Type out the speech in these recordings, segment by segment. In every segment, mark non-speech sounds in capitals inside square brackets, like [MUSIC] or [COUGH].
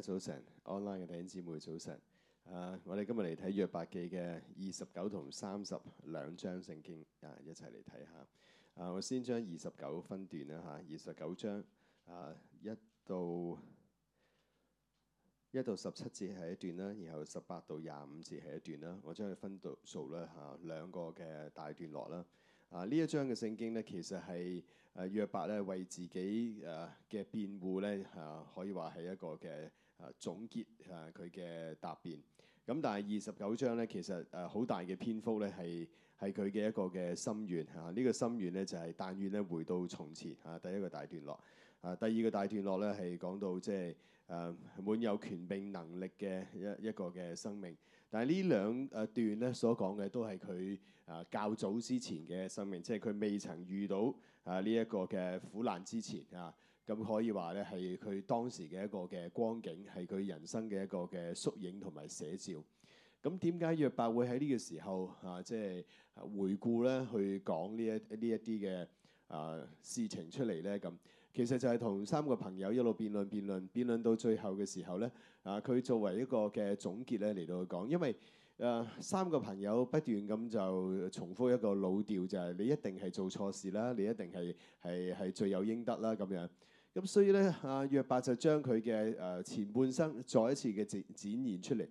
早晨，online 嘅弟兄姊妹早晨。啊，我哋今日嚟睇約伯記嘅二十九同三十兩章聖經，啊，一齊嚟睇下。啊，我先將二十九分段啦吓，二十九章啊一到一到十七節係一段啦，然後十八到廿五節係一段啦，我將佢分到數啦吓，啊，兩個嘅大段落啦。啊，呢一章嘅聖經咧，其實係啊約伯咧為自己誒嘅辯護咧啊，可以話係一個嘅。啊，總結啊佢嘅答辯。咁但係二十九章呢，其實誒好大嘅篇幅呢，係係佢嘅一個嘅心願嚇。呢個心願呢，就係但願呢，回到從前嚇、啊。第一個大段落啊，第二個大段落呢、就係，係講到即係誒滿有權柄能力嘅一一個嘅生命。但係呢兩誒段呢，所講嘅都係佢啊較早之前嘅生命，即係佢未曾遇到啊呢一、呢個嘅苦難之前啊。咁可以話咧，係佢當時嘅一個嘅光景，係佢人生嘅一個嘅縮影同埋寫照。咁點解約伯會喺呢個時候啊，即係回顧咧，去講呢一呢一啲嘅啊事情出嚟咧？咁其實就係同三個朋友一路辯論辯論，辯論到最後嘅時候咧，啊佢作為一個嘅總結咧嚟到去講，因為啊三個朋友不斷咁就重複一個老調，就係你一定係做錯事啦，你一定係係係罪有應得啦咁樣。咁所以咧，阿約伯就將佢嘅誒前半生再一次嘅展展現出嚟。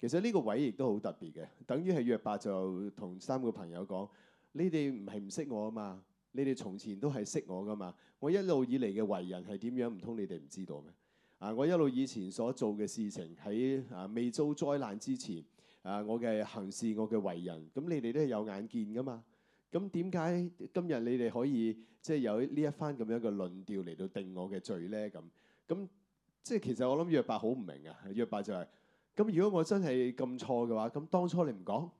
其實呢個位亦都好特別嘅，等於係約伯就同三個朋友講：你哋唔係唔識我啊嘛？你哋從前都係識我噶嘛？我一路以嚟嘅為人係點樣？唔通你哋唔知道咩？啊，我一路以前所做嘅事情，喺啊未遭災難之前，啊我嘅行事、我嘅為人，咁你哋都係有眼見噶嘛？咁點解今日你哋可以即係、就是、有呢一番咁樣嘅論調嚟到定我嘅罪呢？咁咁即係其實我諗約伯好唔明㗎。約伯就係、是、咁，如果我真係咁錯嘅話，咁當初你唔講，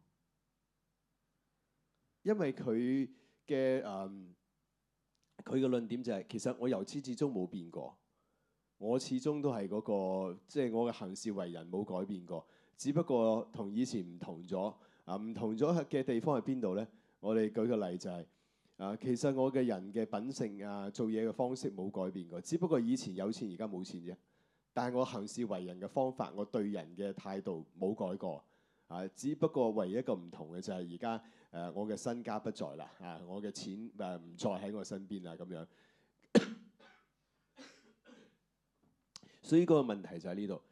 因為佢嘅誒佢嘅論點就係、是、其實我由始至終冇變過，我始終都係嗰、那個即係、就是、我嘅行事為人冇改變過，只不過同以前唔同咗啊，唔、呃、同咗嘅地方係邊度呢？我哋舉個例就係啊，其實我嘅人嘅品性啊，做嘢嘅方式冇改變過，只不過以前有錢，而家冇錢啫。但係我行事為人嘅方法，我對人嘅態度冇改過啊。只不過唯一一個唔同嘅就係而家誒，我嘅身家不在啦啊，我嘅錢誒唔再喺我身邊啦咁樣。 [COUGHS] 所以個問題就喺呢度。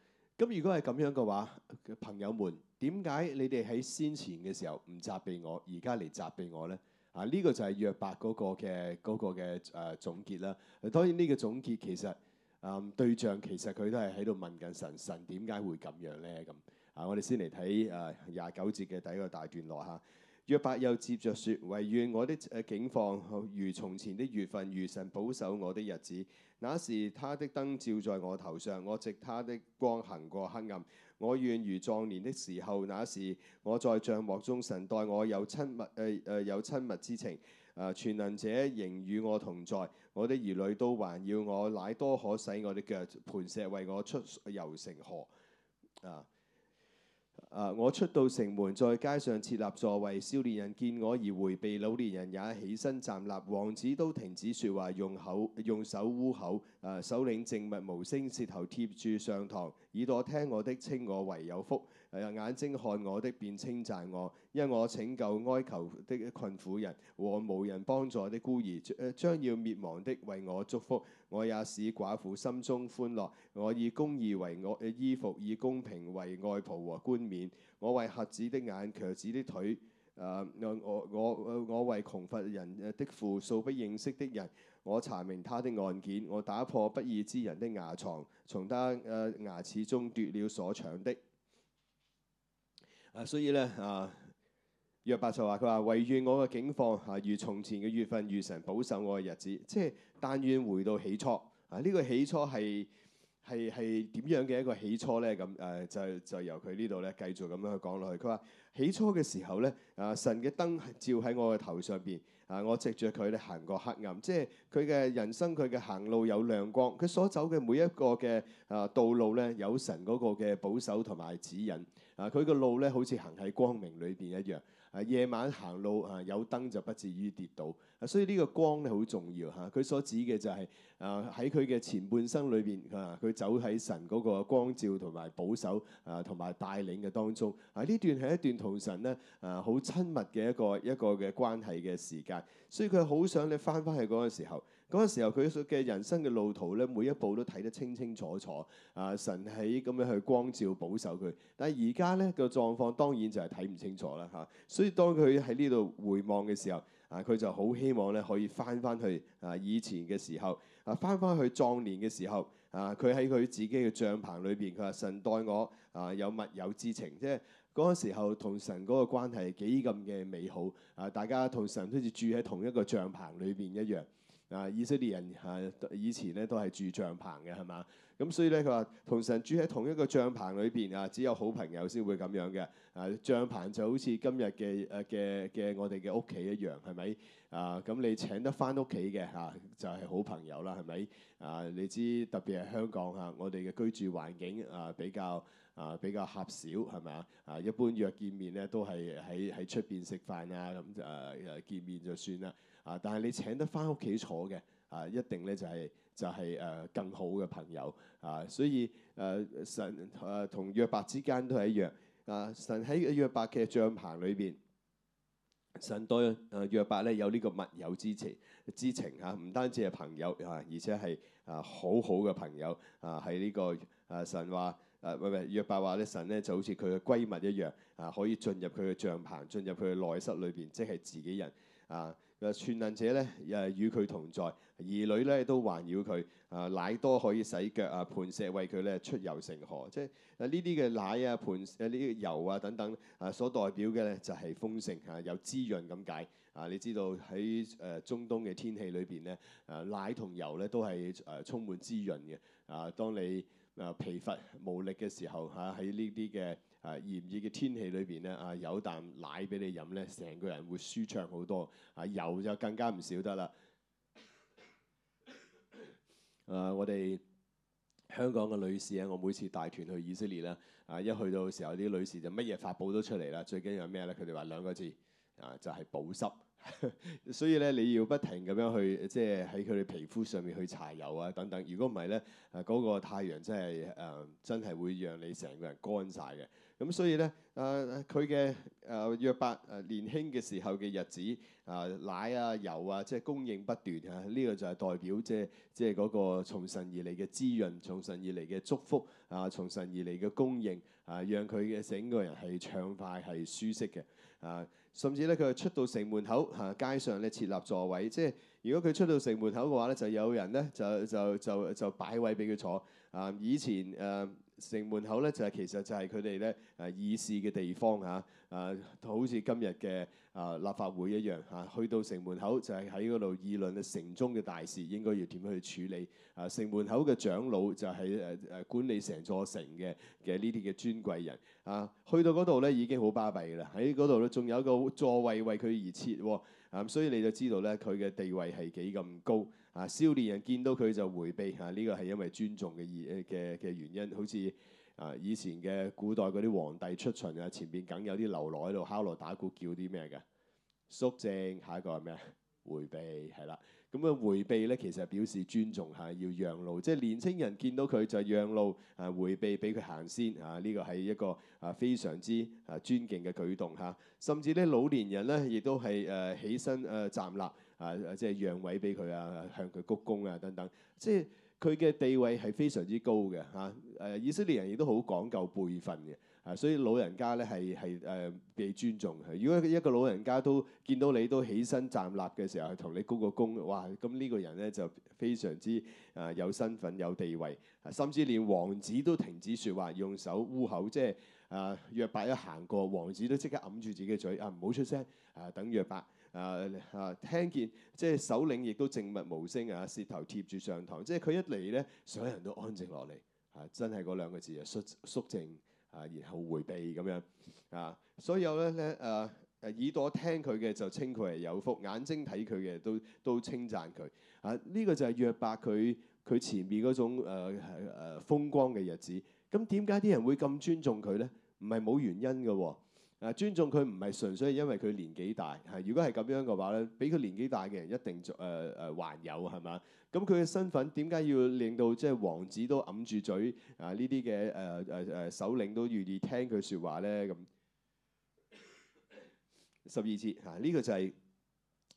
咁如果係咁樣嘅話，朋友們，點解你哋喺先前嘅時候唔責備我，而家嚟責備我呢？啊，呢個就係約伯嗰個嘅嗰個嘅誒總結啦。當然呢個總結其實，嗯，對象其實佢都係喺度問緊神，神點解會咁樣呢？咁啊，我哋先嚟睇誒廿九節嘅第一個大段落嚇。約伯又接著説：唯願我的境況如從前的月份，如神保守我的日子。那時他的燈照在我頭上，我藉他的光行過黑暗。我願如壯年的時候，那時我在帳幕中，神待我有親密誒誒、呃、有親密之情。啊，全能者仍與我同在，我的兒女都還要我，乃多可洗我的腳磐石，為我出油成河。啊！Uh, 我出到城門，在街上設立座位，少年人見我而回避，老年人也起身站立，王子都停止說話，用口用手捂口。誒、啊，首領靜默無聲，舌頭貼住上堂，耳朵聽我的稱我為有福。誒、啊，眼睛看我的便稱讚我，因我拯救哀求的困苦人和無人幫助的孤兒。誒，將要滅亡的為我祝福，我也使寡婦心中歡樂。我以公義為我、呃、衣服，以公平為外袍和冠冕。我為瞎子的眼、瘸子的腿。誒、啊，我我我，我，我為窮乏人的父，素不認識的人。我查明他的案件，我打破不義之人的牙床，從他誒牙齒中奪了所搶的。啊，所以咧啊，約伯就話佢話，唯願我嘅景況啊，如從前嘅月份，如神保守我嘅日子。即係但願回到起初啊，呢、這個起初係係係點樣嘅一個起初咧？咁、啊、誒就就由佢呢度咧繼續咁樣去講落去。佢話起初嘅時候咧，啊神嘅燈照喺我嘅頭上邊。啊！我藉著佢咧行過黑暗，即係佢嘅人生，佢嘅行路有亮光，佢所走嘅每一個嘅啊道路咧，有神嗰個嘅保守同埋指引。啊！佢嘅路咧好似行喺光明裏邊一樣。啊，夜晚行路啊，有燈就不至於跌倒。啊，所以呢個光咧好重要嚇。佢所指嘅就係啊，喺佢嘅前半生裏邊啊，佢走喺神嗰個光照同埋保守啊，同埋帶領嘅當中。啊，呢段係一段同神咧啊，好親密嘅一個一個嘅關係嘅時間。所以佢好想你翻返去嗰個時候。嗰個時候，佢嘅人生嘅路途咧，每一步都睇得清清楚楚。啊，神喺咁樣去光照保守佢。但係而家咧個狀況當然就係睇唔清楚啦嚇。所以當佢喺呢度回望嘅時候，啊，佢就好希望咧可以返返去啊以前嘅時候，啊返返去壯年嘅時候，啊佢喺佢自己嘅帳棚裏邊，佢話神待我啊有密友之情，即係嗰個時候同神嗰個關係幾咁嘅美好啊！大家同神都好似住喺同一個帳棚裏邊一樣。啊，以色列人啊，以前咧都係住帳篷嘅，係嘛？咁所以咧，佢話同神住喺同一個帳篷裏邊啊，只有好朋友先會咁樣嘅。啊，帳篷就好似今日嘅誒嘅嘅我哋嘅屋企一樣，係咪？啊，咁你請得返屋企嘅嚇，就係好朋友啦，係咪？啊，你知特別係香港嚇，啊，我哋嘅居住環境啊比較啊比較狹小，係咪啊？啊，一般約見面咧都係喺喺出邊食飯啊咁就誒見面就算啦。啊！但係你請得翻屋企坐嘅啊，一定咧就係、是、就係、是、誒更好嘅朋友啊。所以誒、呃、神誒同、呃、約伯之間都係一樣啊。神喺約伯嘅帳棚裏邊，神對誒約伯咧有呢個密友之情之情嚇，唔、啊、單止係朋友啊，而且係啊好好嘅朋友啊。喺呢、這個誒、啊、神話誒唔係唔係約伯話咧，神咧就好似佢嘅閨蜜一樣啊，可以進入佢嘅帳棚，進入佢嘅內室裏邊，即係自己人啊。誒全能者咧，誒與佢同在，兒女咧都環繞佢，啊奶多可以洗腳啊，盤石為佢咧出油成河，即係呢啲嘅奶啊盤石誒呢啲油啊等等啊所代表嘅咧就係豐盛嚇，有滋潤咁解啊！你知道喺誒中東嘅天氣裏邊咧，啊奶同油咧都係誒充滿滋潤嘅啊！當你啊疲乏無力嘅時候嚇，喺呢啲嘅。啊！炎熱嘅天氣裏邊咧，啊有啖奶俾你飲咧，成個人會舒暢好多。啊油就更加唔少得啦。啊，我哋香港嘅女士啊，我每次帶團去以色列啦，啊一去到時候啲女士就乜嘢法寶都出嚟啦。最緊要係咩咧？佢哋話兩個字啊，就係保濕。 [LAUGHS] 所以咧，你要不停咁樣去，即係喺佢哋皮膚上面去搽油啊等等。如果唔係咧，嗰、啊那個太陽真係誒、啊，真係會讓你成個人乾晒嘅。咁、啊、所以咧，誒佢嘅誒約伯年輕嘅時候嘅日子啊，奶啊油啊，即、就、係、是、供應不斷啊。呢、這個就係代表即係即係嗰個從神而嚟嘅滋潤，從神而嚟嘅祝福啊，從神而嚟嘅供應啊，讓佢嘅整個人係暢快係舒適嘅啊。甚至咧，佢出到城門口嚇、啊、街上咧設立座位，即係如果佢出到城門口嘅話咧，就有人咧就就就就擺位俾佢坐啊！以前誒。啊城門口咧就係其實就係佢哋咧誒議事嘅地方嚇，誒、啊、好似今日嘅啊立法會一樣嚇、啊，去到城門口就係喺嗰度議論城中嘅大事應該要點樣去處理啊。城門口嘅長老就係誒誒管理成座城嘅嘅呢啲嘅尊貴人啊，去到嗰度咧已經好巴閉啦，喺嗰度咧仲有一個座位為佢而設喎，啊，所以你就知道咧佢嘅地位係幾咁高。啊，少年人見到佢就迴避嚇，呢個係因為尊重嘅意嘅嘅原因。好似啊，以前嘅古代嗰啲皇帝出巡啊，前面梗有啲嘍囉喺度敲鑼打鼓叫啲咩嘅？肅靜，下一個係咩？迴避，係啦。咁啊，迴避咧其實表示尊重嚇，要讓路。即係年青人見到佢就讓路啊，迴避俾佢行先嚇。呢個係一個啊非常之啊尊敬嘅舉動嚇。甚至咧老年人咧亦都係誒起身誒站立。啊！即係讓位俾佢啊，向佢鞠躬啊，等等。即係佢嘅地位係非常之高嘅嚇。誒、啊，以色列人亦都好講究輩分嘅。啊，所以老人家咧係係誒被尊重嘅、啊。如果一個老人家都見到你都起身站立嘅時候，係同你鞠個躬嘅話，哇！咁呢個人咧就非常之啊有身份有地位、啊。甚至連王子都停止説話，用手捂口，即係啊約伯一行過，王子都即刻揞住自己嘅嘴啊，唔好出聲啊，等約伯。啊啊！聽見即係首領，亦都靜默無聲啊，舌頭貼住上膛。即係佢一嚟咧，所有人都安靜落嚟啊！真係嗰兩個字啊，率縮，肅靜啊，然後迴避咁樣啊。所有咧咧誒誒，耳、啊、朵聽佢嘅就稱佢係有福，眼睛睇佢嘅都都稱讚佢啊。呢、這個就係約伯佢佢前面嗰種誒誒、啊啊啊、風光嘅日子。咁點解啲人會咁尊重佢咧？唔係冇原因嘅喎。誒，尊重佢唔係純粹係因為佢年紀大，係如果係咁樣嘅話咧，俾佢年紀大嘅人一定誒誒還有係嘛？咁佢嘅身份點解要令到即係王子都揞住嘴？啊，呢啲嘅誒誒誒首領都願意聽佢説話咧？咁十二節嚇呢個就係、是。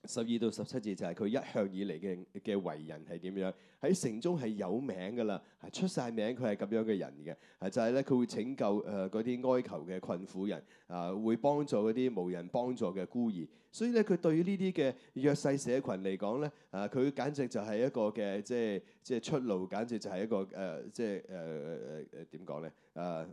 十二到十七節就係佢一向以嚟嘅嘅為人係，點樣喺城中係有名噶啦，係出晒名的的，佢係咁樣嘅人嘅，係就係咧，佢會拯救誒嗰啲哀求嘅困苦人，啊、呃、會幫助嗰啲無人幫助嘅孤兒，所以咧佢對於呢啲嘅弱勢社群嚟講咧，啊、呃、佢簡直就係一個嘅即係即係出路，簡直就係一個誒、呃、即係誒誒點講咧啊。呃呃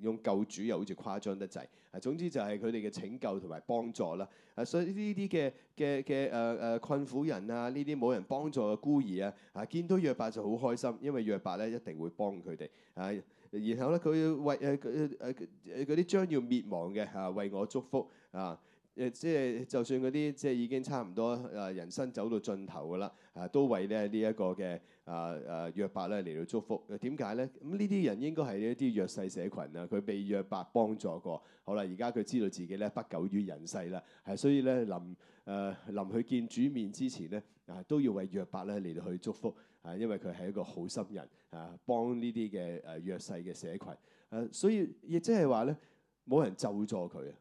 用救主又好似誇張得滯，總之就係佢哋嘅拯救同埋幫助啦。啊，所以呢啲嘅嘅嘅誒誒困苦人啊，呢啲冇人幫助嘅孤兒啊，啊見到約伯就好開心，因為約伯咧一定會幫佢哋。啊，然後咧佢要為誒誒誒嗰啲將要滅亡嘅啊為我祝福啊誒，即、啊、係就算嗰啲即係已經差唔多啊人生走到盡頭㗎啦，啊都為咧呢一、這個嘅。啊啊約伯咧嚟到祝福，點解咧？咁呢啲人應該係一啲弱勢社群啊，佢被約伯幫助過。好啦，而家佢知道自己咧不久於人世啦，係所以咧臨誒、呃、臨去見主面之前咧，啊都要為約伯咧嚟到去祝福啊，因為佢係一個好心人啊，幫呢啲嘅誒弱勢嘅社群。誒，所以亦即係話咧，冇人咒詛佢啊、這個！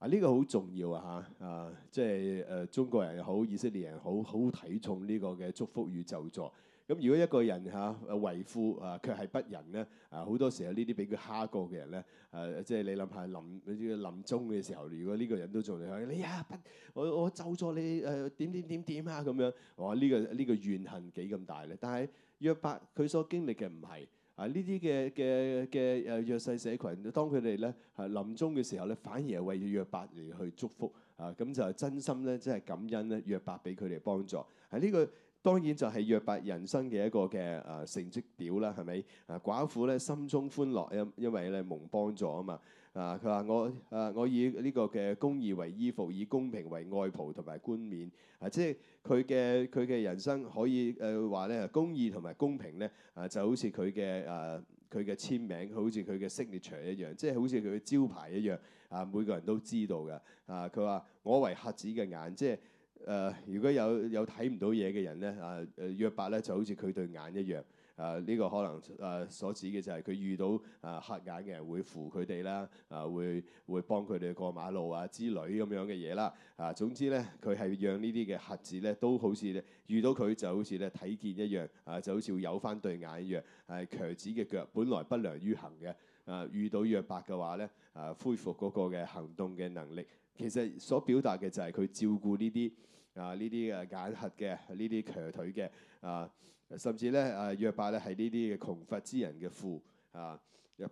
啊，呢個好重要啊！嚇啊，即係誒中國人好，以色列人好好睇重呢個嘅祝福與咒詛。咁如果一個人嚇為富啊卻係不仁咧，啊好多時候呢啲俾佢蝦過嘅人咧，啊即係、就是、你諗下臨呢啲臨終嘅時候，如果呢個人都仲係你啊不，我我救咗你誒、啊、點點點點啊咁樣，哇、啊、呢、這個呢、這個怨恨幾咁大咧？但係約伯佢所經歷嘅唔係啊呢啲嘅嘅嘅誒弱勢社群，當佢哋咧係臨終嘅時候咧，反而係為咗約伯嚟去祝福啊，咁就真心咧，即係感恩咧，約伯俾佢哋幫助係呢、啊啊啊啊啊啊啊這個。當然就係約伯人生嘅一個嘅誒成績表啦，係咪？誒寡婦咧心中歡樂，因因為咧蒙幫助啊嘛。啊，佢話我誒、啊、我以呢個嘅公義為衣服，以公平為外袍同埋冠冕。啊，即係佢嘅佢嘅人生可以誒話咧，公義同埋公平咧，啊就好似佢嘅誒佢嘅簽名，好似佢嘅 signature 一樣，即係好似佢嘅招牌一樣。啊，每個人都知道嘅。啊，佢話我為瞎子嘅眼，即係。誒、呃，如果有有睇唔到嘢嘅人咧，啊、呃，誒約伯咧就好似佢對眼一樣，啊、呃，呢、這個可能誒、呃、所指嘅就係佢遇到啊瞎、呃、眼嘅人會扶佢哋啦，啊、呃，會會幫佢哋過馬路啊之類咁樣嘅嘢啦，啊、呃，總之咧佢係讓呢啲嘅瞎子咧都好似遇到佢就好似咧睇見一樣，啊、呃，就好似有返對眼一樣，係、呃、瘸子嘅腳，本來不良於行嘅，啊、呃，遇到約伯嘅話咧，啊、呃，恢復嗰個嘅行動嘅能力，其實所表達嘅就係佢照顧呢啲。啊！呢啲嘅眼瞎嘅，呢啲瘸腿嘅，啊，甚至咧啊，約伯咧係呢啲嘅窮乏之人嘅父啊，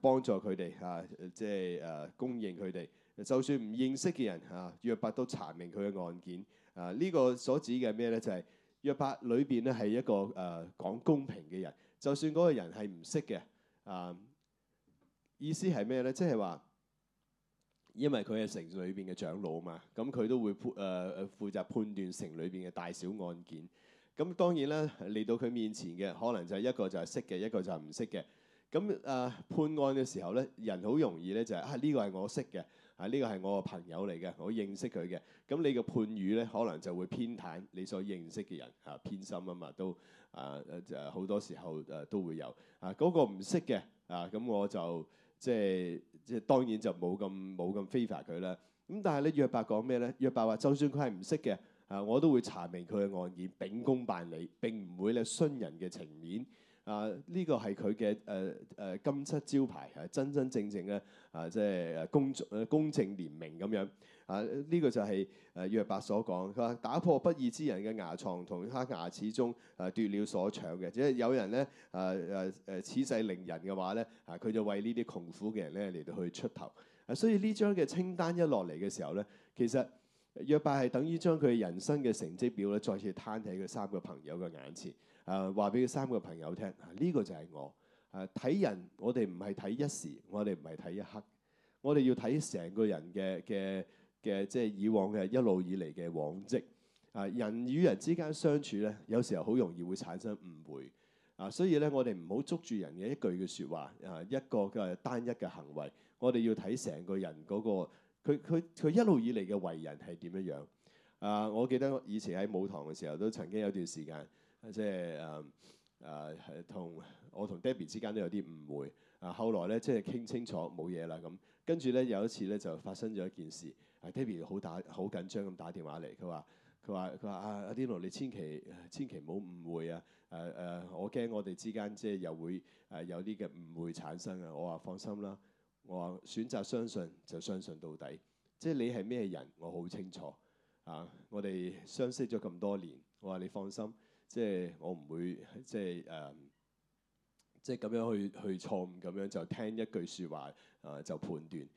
幫助佢哋啊，即係啊，公認佢哋。就算唔認識嘅人啊，約伯都查明佢嘅案件啊。呢、這個所指嘅咩咧？就係、是、約伯裏邊咧係一個誒、啊、講公平嘅人，就算嗰個人係唔識嘅啊，意思係咩咧？即係話。因為佢係城裏邊嘅長老嘛，咁佢都會判誒負責判斷城裏邊嘅大小案件。咁當然啦，嚟到佢面前嘅，可能就係一個就係識嘅，一個就係唔識嘅。咁誒、呃、判案嘅時候咧，人好容易咧就係、是、啊呢、呢個係我識嘅，啊呢、呢個係我嘅朋友嚟嘅，我認識佢嘅。咁你嘅判語咧，可能就會偏袒你所認識嘅人，啊，偏心，啊嘛，都啊，誒，就好多時候，誒都會有，啊嗰、嗰個唔識嘅，啊，咁我就即係。即係當然就冇咁冇咁非法佢啦。咁但係咧，約伯講咩咧？約伯話：就算佢係唔識嘅，啊，我都會查明佢嘅案件，秉公辦理，並唔會咧徇人嘅情面。啊，呢、這個係佢嘅誒誒金漆招牌，係真真正正咧啊，即係公公正廉明咁樣。啊！呢、這個就係誒約伯所講，佢話打破不義之人嘅牙床同他牙齒中誒、啊、奪了所搶嘅，即係有人咧誒誒誒，此世凌人嘅話咧，啊佢就為窮呢啲窮苦嘅人咧嚟到去出頭啊。所以呢張嘅清單一落嚟嘅時候咧，其實約伯係等於將佢人生嘅成績表咧，再次攤喺佢三個朋友嘅眼前啊，話俾佢三個朋友聽啊。呢、這個就係我啊，睇人我哋唔係睇一時，我哋唔係睇一刻，我哋要睇成個人嘅嘅。嘅即係以往嘅一路以嚟嘅往績啊！人與人之間相處咧，有時候好容易會產生誤會啊，所以咧我哋唔好捉住人嘅一句嘅説話啊，一個嘅單一嘅行為，我哋要睇成個人嗰個佢佢佢一路以嚟嘅為人係點樣樣啊！我記得以前喺舞堂嘅時候都曾經有段時間即係誒誒同我同 Debbie 之間都有啲誤會啊，後來咧即係傾清楚冇嘢啦咁，跟住咧有一次咧就發生咗一件事。係 Toby 好打好緊張咁打電話嚟，佢話佢話佢話啊阿 Dino 你千祈千祈唔好誤會啊誒誒、啊啊、我驚我哋之間即係又會誒、啊、有啲嘅誤會產生啊！我話放心啦，我話選擇相信就相信到底，即係你係咩人我好清楚啊！我哋相識咗咁多年，我話你放心，即、就、係、是、我唔會即係誒即係咁樣去去錯誤咁樣就聽一句説話啊就判斷。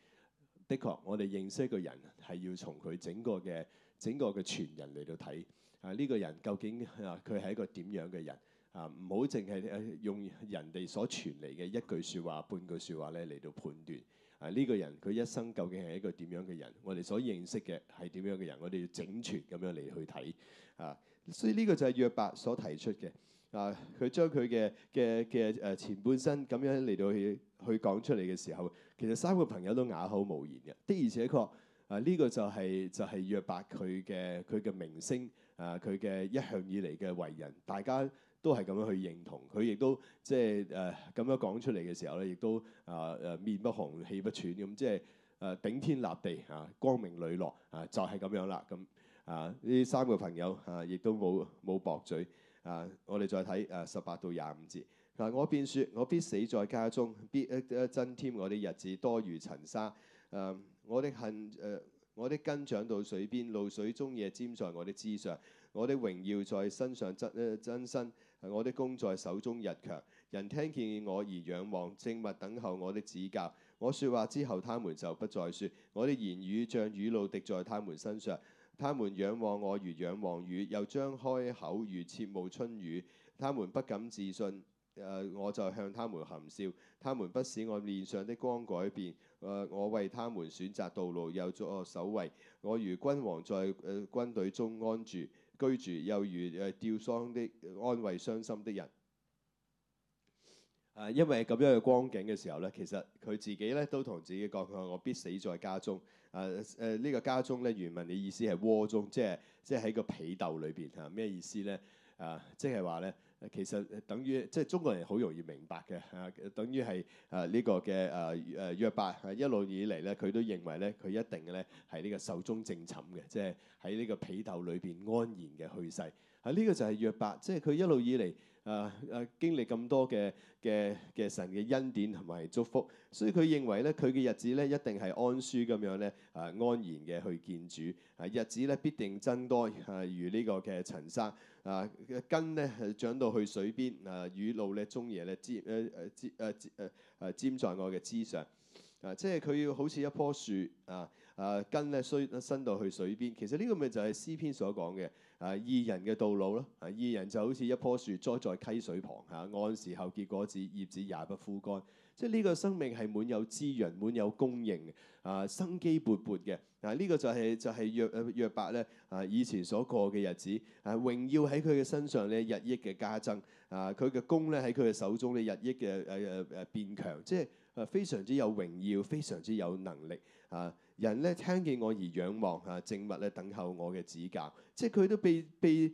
的確，我哋認識一個人係要從佢整個嘅整個嘅傳人嚟到睇啊，呢個人究竟啊佢係一個點樣嘅人啊？唔好淨係用人哋所傳嚟嘅一句説話、半句説話咧嚟到判斷啊，呢個人佢一生究竟係一個點樣嘅人？我哋所認識嘅係點樣嘅人？我哋要整全咁樣嚟去睇啊，所以呢個就係約伯所提出嘅。啊！佢將佢嘅嘅嘅誒前半生咁樣嚟到去去講出嚟嘅時候，其實三個朋友都啞口無言嘅。的而且確，啊呢個就係就係約伯佢嘅佢嘅名聲啊，佢嘅一向以嚟嘅為人，大家都係咁樣去認同。佢亦都即係誒咁樣講出嚟嘅時候咧，亦都啊誒面不紅氣不喘咁，即係誒頂天立地啊，光明磊落啊，就係咁樣啦。咁啊，呢三個朋友啊，亦都冇冇駁嘴。啊！我哋再睇誒、啊、十八到廿五節。嗱、啊，我便説：我必死在家中，必誒誒增添我啲日子多如塵沙。誒、啊，我的恨誒、啊，我的根長到水邊，露水終夜沾在我的枝上。我的榮耀在身上增誒增新、呃、我的弓在手中日強。人聽見我而仰望，靜默等候我的指教。我説話之後，他們就不再説。我的言語像雨露滴在他們身上。他們仰望我如仰望雨，又張開口如切慕春雨。他們不敢自信，誒，我就向他們含笑。他們不使我面上的光改變，誒，我為他們選擇道路，又作守衞。我如君王在誒軍隊中安住居住，又如誒吊喪的安慰傷心的人。啊，因為咁樣嘅光景嘅時候咧，其實佢自己咧都同自己講佢話：我必死在家中。啊誒，呢、啊這個家中咧，原文嘅意思係窩中，即係即係喺個被竇裏邊嚇咩意思咧？啊，即係話咧，其實等於即係中國人好容易明白嘅嚇、啊，等於係啊呢、這個嘅啊誒約伯一路以嚟咧，佢都認為咧，佢一定咧係呢個壽終正寢嘅，即係喺呢個被竇裏邊安然嘅去世。啊，呢、這個就係約伯，即係佢一路以嚟。啊！誒、啊、經歷咁多嘅嘅嘅神嘅恩典同埋祝福，所以佢認為咧，佢嘅日子咧一定係安舒咁樣咧，啊安然嘅去見主，啊日子咧必定增多，係、啊、如呢個嘅塵沙，啊根咧係長到去水邊，啊雨露咧中野中夜咧沾誒誒沾誒沾誒沾在我嘅枝上，啊即係佢要好似一棵樹，啊啊根咧需伸到去水邊。其實呢個咪就係詩篇所講嘅。啊，義人嘅道路咯，啊，義人就好似一棵樹栽在溪水旁，嚇，按時候結果子，葉子也不枯乾，即係呢個生命係滿有滋潤、滿有供應啊，生機勃勃嘅，啊，呢、這個就係、是、就係約約伯咧，啊，以前所過嘅日子，啊，榮耀喺佢嘅身上咧日益嘅加增，啊，佢嘅功咧喺佢嘅手中咧日益嘅誒誒變強，即係啊非常之有榮耀，非常之有能力，啊。人咧聽見我而仰望啊，靜默咧等候我嘅指教，即係佢都被被誒、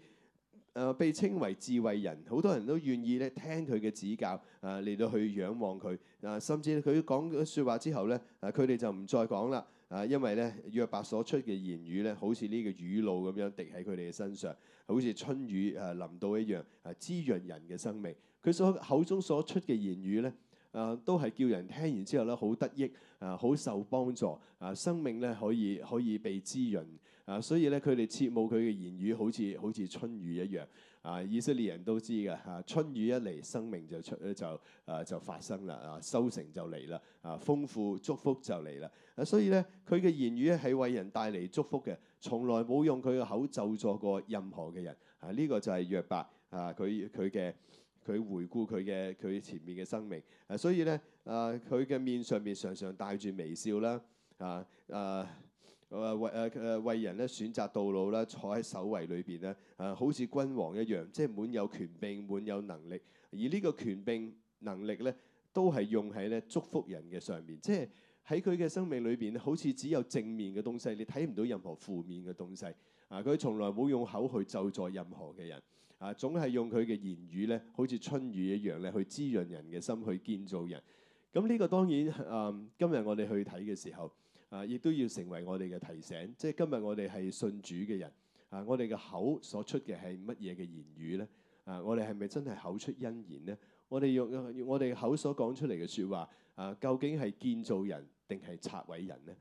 呃、被稱為智慧人，好多人都願意咧聽佢嘅指教，誒、呃、嚟到去仰望佢，誒、啊、甚至佢講咗説話之後咧，誒佢哋就唔再講啦，誒、啊、因為咧約伯所出嘅言語咧，好似呢個雨露咁樣滴喺佢哋嘅身上，好似春雨誒淋到一樣誒、啊、滋潤人嘅生命。佢所口中所出嘅言語咧。啊，都係叫人聽完之後咧，好得益，啊，好受幫助，啊，生命咧可以可以被滋潤，啊，所以咧佢哋切慕佢嘅言語好，好似好似春雨一樣，啊，以色列人都知嘅嚇、啊，春雨一嚟，生命就出就，就啊就發生啦，啊，收成就嚟啦，啊，豐富祝福就嚟啦，啊，所以咧佢嘅言語係為人帶嚟祝福嘅，從來冇用佢嘅口咒詛過任何嘅人，啊，呢、這個就係約伯，啊，佢佢嘅。佢回顧佢嘅佢前面嘅生命，所以咧，佢嘅面上面常常帶住微笑啦、啊，啊，為人咧選擇道路啦，坐喺首位裏邊咧，好似君王一樣，即係滿有權柄、滿有能力，而呢個權柄、能力咧，都係用喺咧祝福人嘅上面，即係喺佢嘅生命裏邊好似只有正面嘅東西，你睇唔到任何負面嘅東西，佢、啊、從來冇用口去咒詛任何嘅人。啊，總係用佢嘅言語咧，好似春雨一樣咧，去滋潤人嘅心，去建造人。咁呢個當然，嗯，今日我哋去睇嘅時候，啊，亦都要成為我哋嘅提醒。即係今日我哋係信主嘅人，啊，我哋嘅口所出嘅係乜嘢嘅言語咧？啊，我哋係咪真係口出恩言呢？我哋用、啊、我哋口所講出嚟嘅説話，啊，究竟係建造人定係拆毀人呢？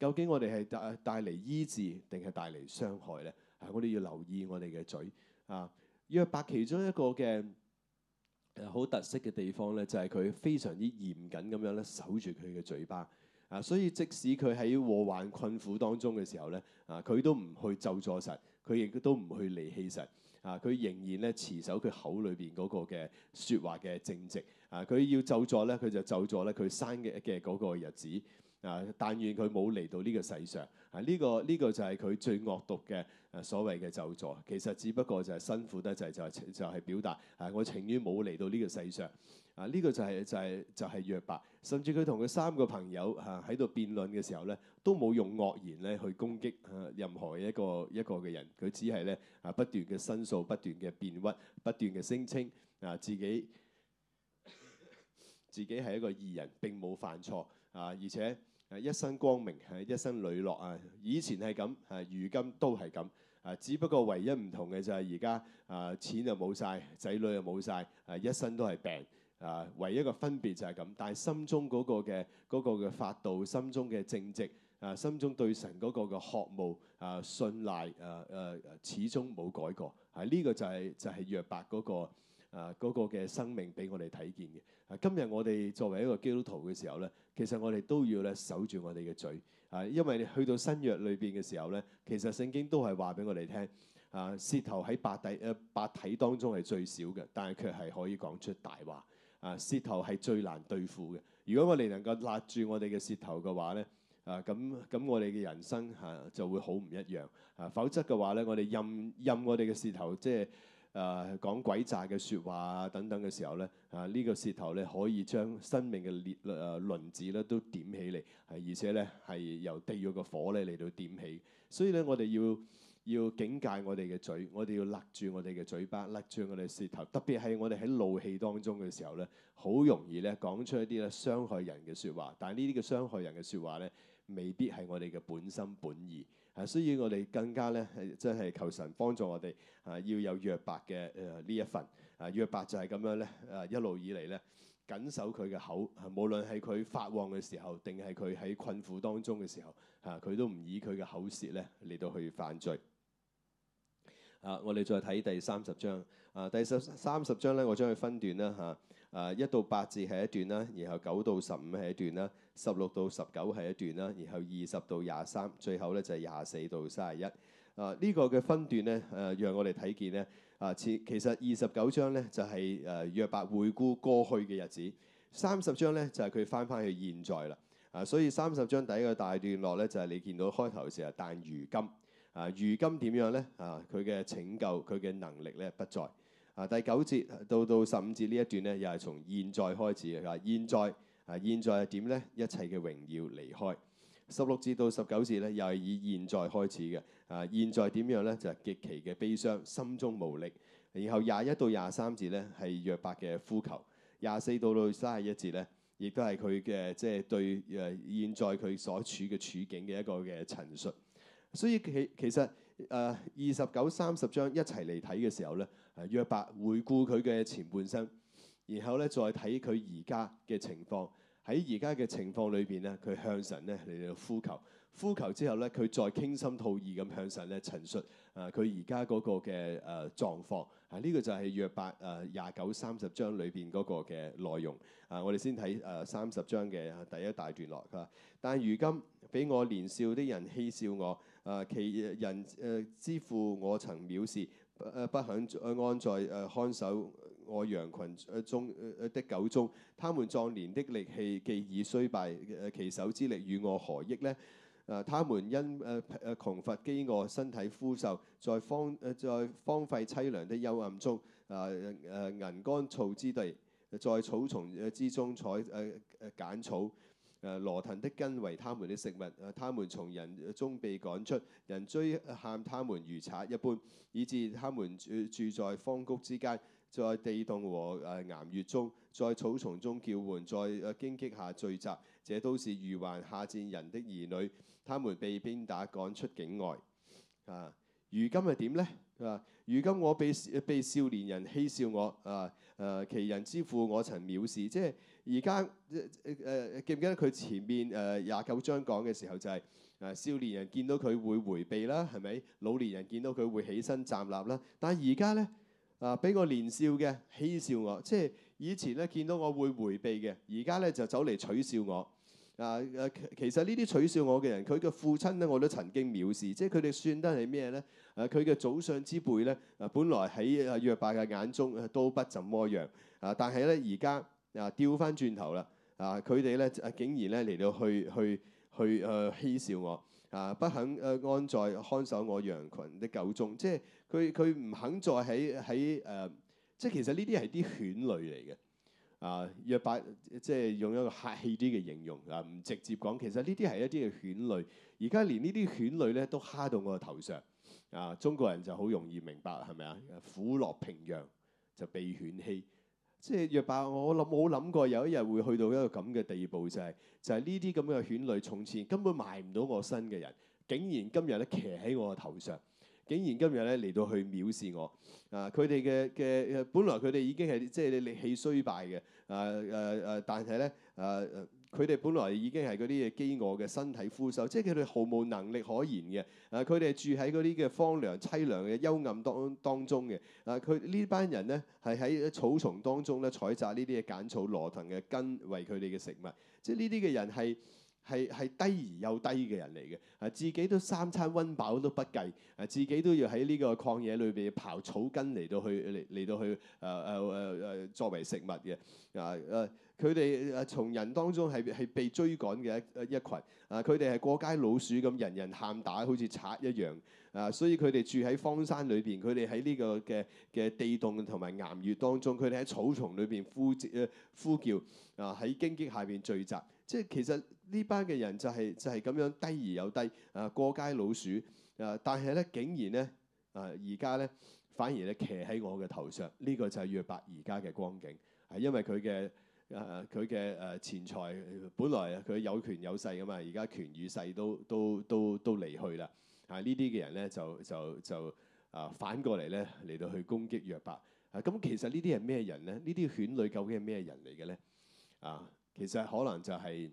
究竟我哋係帶帶嚟醫治定係帶嚟傷害咧？啊，我哋要留意我哋嘅嘴，啊。約伯其中一個嘅好特色嘅地方咧，就係佢非常之嚴謹咁樣咧守住佢嘅嘴巴啊！所以即使佢喺禍患困苦當中嘅時候咧啊，佢都唔去咒詛神，佢亦都唔去離棄神啊！佢仍然咧持守佢口裏邊嗰個嘅説話嘅正直啊！佢要咒詛咧，佢就咒詛咧佢生嘅嘅嗰個日子。啊！但願佢冇嚟到呢個世上啊！呢、這個呢、這個就係佢最惡毒嘅、啊、所謂嘅咒詛，其實只不過就係辛苦得滯、就是，就係就係表達啊！我情願冇嚟到呢個世上啊！呢、這個就係、是、就係、是、就係、是、約伯，甚至佢同佢三個朋友啊喺度辯論嘅時候咧、啊，都冇用惡言咧去攻擊、啊、任何一個一個嘅人，佢只係咧啊不斷嘅申訴，不斷嘅辯屈，不斷嘅聲稱啊自己啊自己係一個義人，並冇犯錯啊，而且。一生光明，一生磊落啊！以前係咁，啊，如今都係咁啊，只不過唯一唔同嘅就係而家啊，錢又冇晒，仔女又冇晒，啊，一生都係病啊，唯一嘅分別就係咁。但係心中嗰個嘅、嗰個嘅法度，心中嘅正直啊，心中對神嗰個嘅渴慕啊，信賴誒誒，始終冇改過啊。呢、這個就係、是、就係約伯嗰個。啊，嗰、嗰個嘅生命俾我哋睇見嘅。啊，今日我哋作為一個基督徒嘅時候呢，其實我哋都要咧守住我哋嘅嘴。啊，因為你去到新約裏邊嘅時候呢，其實聖經都係話俾我哋聽。啊，舌頭喺百體誒、呃、百體當中係最少嘅，但係卻係可以講出大話。啊，舌頭係最難對付嘅。如果我哋能夠擸住我哋嘅舌頭嘅話呢，啊，咁咁我哋嘅人生嚇就會好唔一樣。啊，否則嘅話呢，我哋任任我哋嘅舌頭即係。誒講，呃、詭詐嘅説話啊，等等嘅時候咧，啊、呢、這個舌頭咧可以將生命嘅烈誒輪子咧都點起嚟，係而且咧係由地獄嘅火咧嚟到點起，所以咧我哋要要警戒我哋嘅嘴，我哋要勒住我哋嘅嘴巴，勒住我哋舌頭，特別係我哋喺怒氣當中嘅時候咧，好容易咧講出一啲咧傷害人嘅説話，但係呢啲嘅傷害人嘅説話咧，未必係我哋嘅本心本意。啊，所以我哋更加咧，係真係求神幫助我哋啊，要有約伯嘅誒呢一份啊，約伯就係咁樣咧，啊一路以嚟咧，緊守佢嘅口，無論係佢發旺嘅時候，定係佢喺困苦當中嘅時候，啊佢都唔以佢嘅口舌咧嚟到去犯罪。啊，我哋再睇第三十章，啊第十三十章咧，我將佢分段啦嚇。啊，一到八字係一段啦，然後九到十五係一段啦，十六到十九係一段啦，然後二十到廿三，最後咧就係、是、廿四到卅一。啊，呢、這個嘅分段咧，誒、啊，讓我哋睇見咧，啊，似其實二十九章咧就係誒約伯回顧過去嘅日子，三十章咧就係佢返返去現在啦。啊，所以三十章第一個大段落咧就係、是、你見到開頭嘅時候，但如今，啊，如今點樣咧？啊，佢嘅拯救佢嘅能力咧不在。啊！第九節到到十五節呢一段咧，又係從現在開始嘅。話現在啊，現在係點咧？一切嘅榮耀離開。十六節到十九節咧，又係以現在開始嘅啊。現在點樣咧？就係、是、極其嘅悲傷，心中無力。然後廿一到廿三節咧係約伯嘅呼求，廿四到到三十一節咧，亦都係佢嘅即係對誒現在佢所處嘅處境嘅一個嘅陳述。所以其其實誒二十九三十章一齊嚟睇嘅時候咧。約伯回顧佢嘅前半生，然後咧再睇佢而家嘅情況。喺而家嘅情況裏邊咧，佢向神咧嚟到呼求。呼求之後咧，佢再傾心吐意咁向神咧陳述啊，佢而家嗰個嘅誒狀況。啊，呢個就係約伯誒廿九三十章裏邊嗰個嘅內容。啊，我哋先睇誒三十章嘅第一大段落。佢話：但如今俾我年少的人欺笑我，誒其人誒之父我曾藐視。不誒不肯安在誒看守我羊群誒中的狗中，他們壯年的力氣既已衰敗，其手之力與我何益呢？誒他們因誒誒窮乏飢餓，身體枯瘦，在荒誒在荒廢凄涼的幽暗中，誒誒銀乾燥之地，在草叢之中採誒誒揀草。誒、啊、羅騰的根為他們的食物，誒、啊、他們從人中被趕出，人追喊他們如賊一般，以致他們住住在荒谷之間，在地洞和誒、啊、岩穴中，在草叢中叫喚，在荊棘下聚集。這都是愚頑下賤人的兒女，他們被鞭打趕出境外。啊，如今係點呢？啊，如今我被被少年人欺笑我，啊誒、啊，其人之父我曾藐視，即係。而家誒誒記唔記得佢前面誒廿九章講嘅時候就係、是、誒、啊、少年人見到佢會迴避啦，係咪？老年人見到佢會起身站立啦。但係而家咧啊，比我年少嘅嬉笑我，即係以前咧見到我會迴避嘅，而家咧就走嚟取笑我。啊誒、啊，其實呢啲取笑我嘅人，佢嘅父親咧我都曾經藐視，即係佢哋算得係咩咧？誒、啊，佢嘅祖上之輩咧，誒、啊，本來喺約伯嘅眼中都不怎麼樣。啊，但係咧而家。啊，調翻轉頭啦！啊，佢哋咧竟然咧嚟到去去去誒欺、呃、笑我啊，不肯誒安在看守我羊群的狗中，即係佢佢唔肯再喺喺誒，即係其實呢啲係啲犬類嚟嘅啊。約伯即係用一個客氣啲嘅形容啊，唔直接講，其實呢啲係一啲嘅犬類，而家連呢啲犬類咧都蝦到我頭上啊！中國人就好容易明白係咪啊？虎落平陽就被犬欺。即係約伯我，我冇諗過有一日會去到一個咁嘅地步，就係、係、就係呢啲咁嘅犬類，從前根本埋唔到我身嘅人，竟然今日咧騎喺我嘅頭上，竟然今日咧嚟到去藐視我。啊！佢哋嘅嘅，本來佢哋已經係即係你力氣衰敗嘅。啊啊啊！但係咧啊啊！佢哋本來已經係嗰啲嘅飢餓嘅身體枯瘦，即係佢哋毫無能力可言嘅。啊，佢哋住喺嗰啲嘅荒涼、淒涼嘅幽暗當當中嘅。啊，佢呢班人咧係喺草叢當中咧採集呢啲嘅揀草羅騰嘅根為佢哋嘅食物。即係呢啲嘅人係係係低而又低嘅人嚟嘅。啊，自己都三餐溫飽都不計，啊，自己都要喺呢個曠野裏邊刨草根嚟到去嚟嚟到去啊啊啊啊作為食物嘅啊啊。啊啊佢哋誒從人當中係係被追趕嘅一一羣啊！佢哋係過街老鼠咁，人人喊打，好似賊一樣啊！所以佢哋住喺荒山裏邊，佢哋喺呢個嘅嘅地洞同埋岩穴當中，佢哋喺草叢裏邊呼呼叫啊！喺荊棘下邊聚集，即係其實呢班嘅人就係就係咁樣低而有低啊！過街老鼠啊！但係咧竟然咧啊！而家咧反而咧騎喺我嘅頭上，呢個就係約伯而家嘅光景，係因為佢嘅。誒佢嘅誒錢財，本來佢有權有勢噶嘛，而家權與勢都都都都離去啦。啊，呢啲嘅人咧就就就啊、呃、反過嚟咧嚟到去攻擊約伯。啊，咁其實呢啲係咩人咧？呢啲犬類究竟係咩人嚟嘅咧？啊，其實可能就係、是。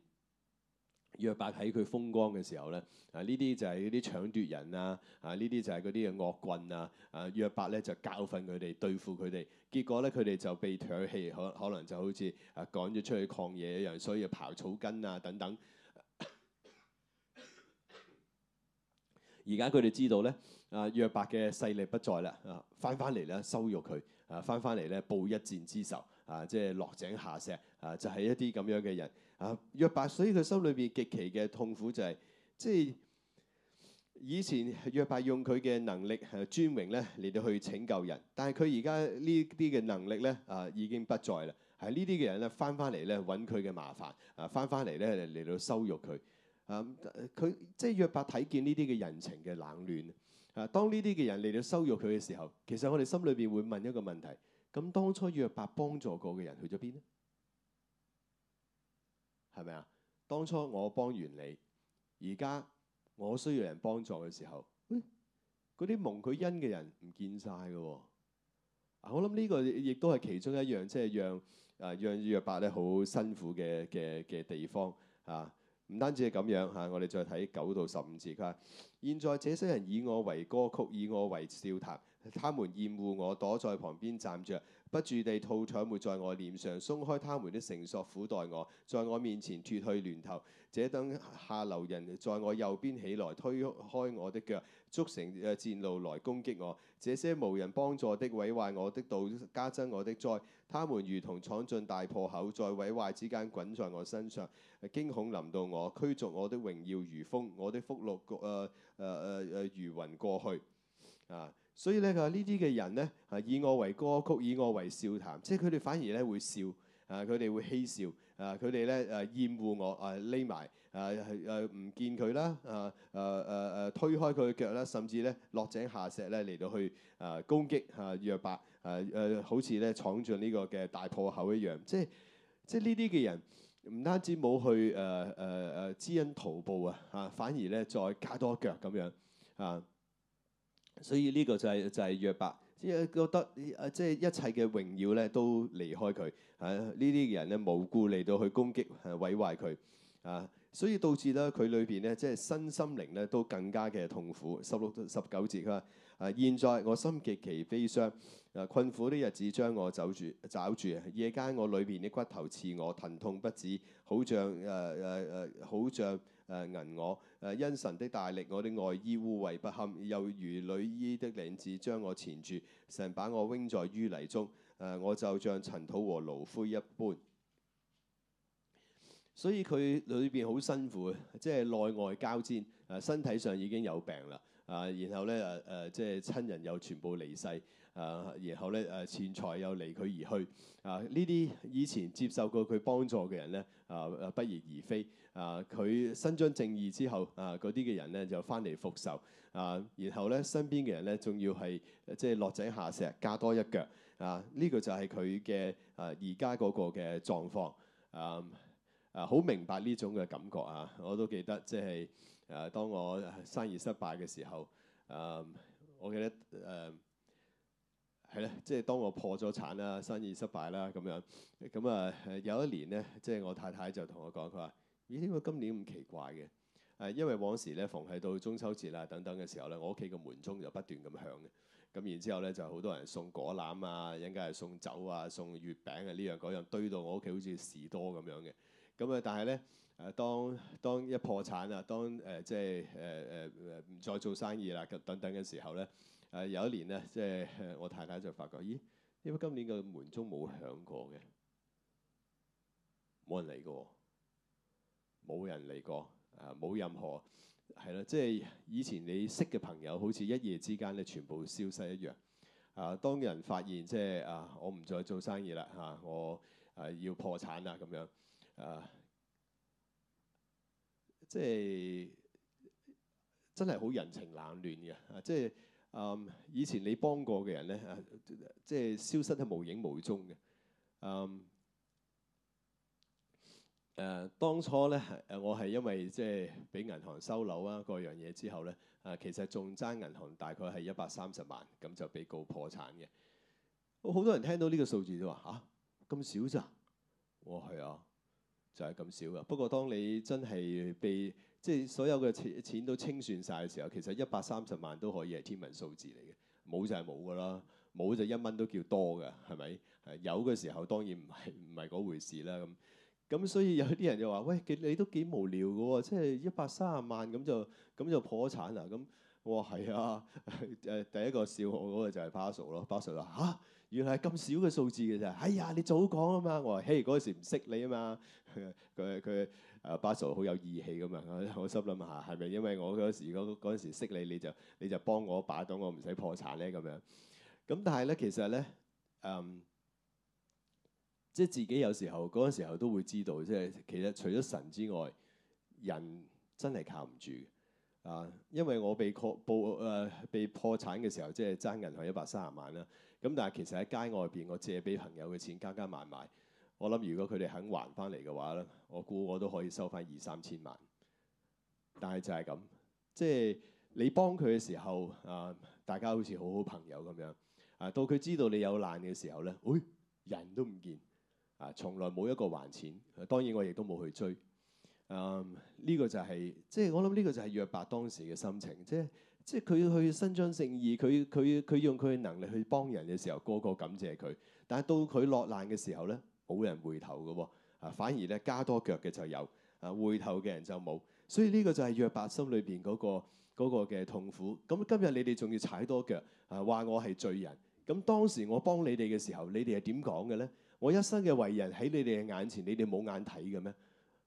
約伯喺佢風光嘅時候咧，啊呢啲就係啲搶奪人啊，啊呢啲就係嗰啲嘅惡棍啊，啊約伯咧就教訓佢哋，對付佢哋，結果咧佢哋就被唾棄，可可能就好似啊趕咗出去曠野一樣，所以要刨草根啊等等。而家佢哋知道咧，啊約伯嘅勢力不在啦，啊翻翻嚟咧羞辱佢，啊翻翻嚟咧報一箭之仇，啊即係落井下石，啊就係、是、一啲咁樣嘅人。啊，約伯，所以佢心裏邊極其嘅痛苦就係、是，即係以前約伯用佢嘅能力係、啊、尊榮咧，嚟到去拯救人。但係佢而家呢啲嘅能力咧，啊已經不在啦。係呢啲嘅人咧返返嚟咧揾佢嘅麻煩，啊返返嚟咧嚟到羞辱佢。啊，佢即係約伯睇見呢啲嘅人情嘅冷暖。啊，當呢啲嘅人嚟到羞辱佢嘅時候，其實我哋心裏邊會問一個問題，咁當初約伯幫助過嘅人去咗邊咧？係咪啊？當初我幫完你，而家我需要人幫助嘅時候，嗰啲、嗯、蒙佢恩嘅人唔見晒嘅喎。我諗呢個亦都係其中一樣，即係讓啊讓約伯咧好辛苦嘅嘅嘅地方嚇。唔、啊、單止係咁樣嚇、啊，我哋再睇九到十五節，佢話：現在這些人以我為歌曲，以我為笑談，他們厭惡我，躲在旁邊站着。不住地吐唾沫在我臉上，鬆開他們的繩索苦待我，在我面前脱去轡頭。這等下流人在我右邊起來，推開我的腳，築成誒戰路來攻擊我。這些無人幫助的毀壞我的道，加增我的災。他們如同闖進大破口，在毀壞之間滾在我身上，驚恐臨到我，驅逐我的榮耀如風，我的福祿誒誒誒誒如雲過去，啊所以咧，佢話呢啲嘅人咧，啊以我為歌曲，以我為笑談，即係佢哋反而咧會笑，啊佢哋會嬉笑，啊佢哋咧誒厭惡我，誒匿埋，誒誒唔見佢啦，誒誒誒誒推開佢嘅腳啦，甚至咧落井下石咧嚟到去誒攻擊約伯啊約伯，誒誒好似咧闖進呢個嘅大破口一樣，即係即係呢啲嘅人唔單止冇去誒誒誒知恩圖報啊，啊，啊反而咧再加多腳咁樣啊。所以呢個就係、是、就係約伯，即係覺得誒，即、就、係、是、一切嘅榮耀咧都離開佢，誒、啊、呢啲人咧無故嚟到去攻擊誒毀、啊、壞佢，啊，所以導致咧佢裏邊咧即係身心靈咧都更加嘅痛苦。十六十九節佢話：誒、啊、現在我心極其悲傷，誒、啊、困苦啲日子將我走住找住，夜間我裏邊啲骨頭刺我，疼痛不止，好像誒誒誒，好像。誒銀我誒因神的大力，我的外衣污穢不堪，又如女衣的領子將我纏住，神把我扔在淤泥中。誒我就像塵土和爐灰一般。所以佢裏邊好辛苦即係、就是、內外交戰。誒身體上已經有病啦。啊，然後咧誒誒，即係親人又全部離世。啊，然後咧誒錢財又離佢而去。啊，呢啲以前接受過佢幫助嘅人咧，啊不翼而飛。啊！佢伸張正義之後，啊嗰啲嘅人咧就翻嚟復仇啊！然後咧身邊嘅人咧仲要係即係落井下石，加多一腳啊！呢個就係佢嘅啊而家嗰個嘅狀況啊！啊，好明白呢種嘅感覺啊！我都記得即係啊，當我生意失敗嘅時候啊，我記得誒係咧，即係當我破咗產啦、生意失敗啦咁樣咁啊，有一年咧，即係我太太就同我講，佢話。咦？點解今年咁奇怪嘅？誒，因為往時咧，逢係到中秋節啦、等等嘅時候咧，我屋企個門鐘就不斷咁響嘅。咁然之後咧，就好多人送果籃啊，一陣間係送酒啊，送月餅啊，呢樣嗰樣堆到我屋企好似士多咁樣嘅。咁啊，但係咧，誒，當當一破產啊，當誒、呃，即係誒誒誒，唔、呃呃、再做生意啦，等等嘅時候咧，誒、呃，有一年咧，即係我太太就發覺，咦？點、這、解、個、今年嘅門鐘冇響過嘅？冇人嚟過。冇人嚟過，啊，冇任何係啦，即係以前你識嘅朋友，好似一夜之間咧全部消失一樣。啊，當人發現即係啊，我唔再做生意啦，嚇、啊、我啊要破產啦咁樣，啊即係真係好人情冷暖嘅、啊，即係嗯以前你幫過嘅人咧、啊，即係消失得無影無蹤嘅，嗯。誒、uh, 當初咧，誒我係因為即係俾銀行收樓啊各樣嘢之後咧，誒、啊、其實仲爭銀行大概係一百三十萬，咁就被告破產嘅。好多人聽到呢個數字就話吓，咁少咋？我係啊，就係咁少噶。不過當你真係被即係、就是、所有嘅錢錢都清算晒嘅時候，其實一百三十萬都可以係天文數字嚟嘅。冇就係冇噶啦，冇就一蚊都叫多噶，係咪？有嘅時候當然唔係唔係嗰回事啦咁。咁、嗯、所以有啲人就話：喂，你都幾無聊嘅喎，即係一百三十萬咁就咁就破產、嗯、啊！咁我話係啊，誒第一個笑我嗰個就係巴嫂咯。巴嫂話：吓，原來係咁少嘅數字嘅咋？哎呀，你早講啊嘛！我話：嘿，嗰時唔識你啊嘛。佢佢誒巴嫂好有義氣噶嘛。我心諗下係咪因為我嗰時嗰嗰陣時識你，你就你就幫我把到我唔使破產咧咁樣。咁但係咧，其實咧，嗯。即係自己有時候嗰陣、那個、時候都會知道，即係其實除咗神之外，人真係靠唔住啊！因為我被確報誒，被破產嘅時候，即係爭銀行一百三十萬啦。咁但係其實喺街外邊，我借俾朋友嘅錢加加埋埋。我諗如果佢哋肯還翻嚟嘅話咧，我估我都可以收翻二三千萬。但係就係咁，即係你幫佢嘅時候啊，大家好似好好朋友咁樣啊。到佢知道你有難嘅時候咧，誒、哎、人都唔見。啊，從來冇一個還錢，當然我亦都冇去追。嗯，呢個就係即係我諗呢個就係約伯當時嘅心情，即係即係佢去伸張正義，佢佢佢用佢嘅能力去幫人嘅時候，個個感謝佢。但係到佢落難嘅時候呢，冇人回頭嘅喎。啊，反而呢，加多腳嘅就有，啊回頭嘅人就冇。所以呢個就係約伯心裏邊嗰個嗰個嘅痛苦。咁今日你哋仲要踩多腳啊？話我係罪人。咁當時我幫你哋嘅時候，你哋係點講嘅呢？我一生嘅為人喺你哋嘅眼前，你哋冇眼睇嘅咩？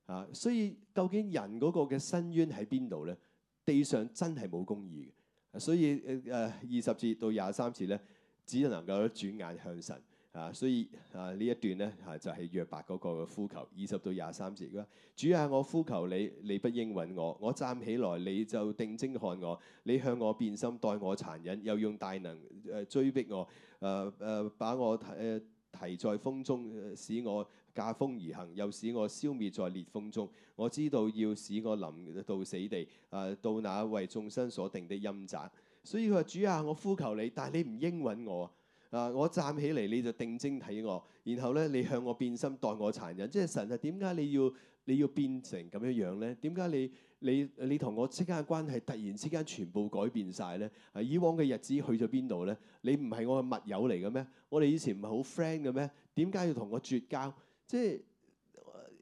啊，所以究竟人嗰個嘅深淵喺邊度咧？地上真係冇公義嘅，所以誒二十節到廿三節咧，只能夠轉眼向神啊！所以啊呢一段咧啊就係、是、約白嗰個嘅呼求二十到廿三節，主啊，我呼求你，你不應允我。我站起來，你就定睛看我。你向我變心，待我殘忍，又用大能誒、呃、追逼我。誒、呃、誒、呃，把我誒。呃呃提在風中，使我駕風而行，又使我消滅在烈風中。我知道要使我臨到死地，誒到那為眾生所定的陰宅。所以佢話：主啊，我呼求你，但係你唔應允我啊！我站起嚟，你就定睛睇我，然後咧，你向我變心，待我殘忍。即係神啊，點解你要你要變成咁樣樣咧？點解你？你你同我之間嘅關係突然之間全部改變晒咧，以往嘅日子去咗邊度咧？你唔係我嘅密友嚟嘅咩？我哋以前唔係好 friend 嘅咩？點解要同我絕交？即係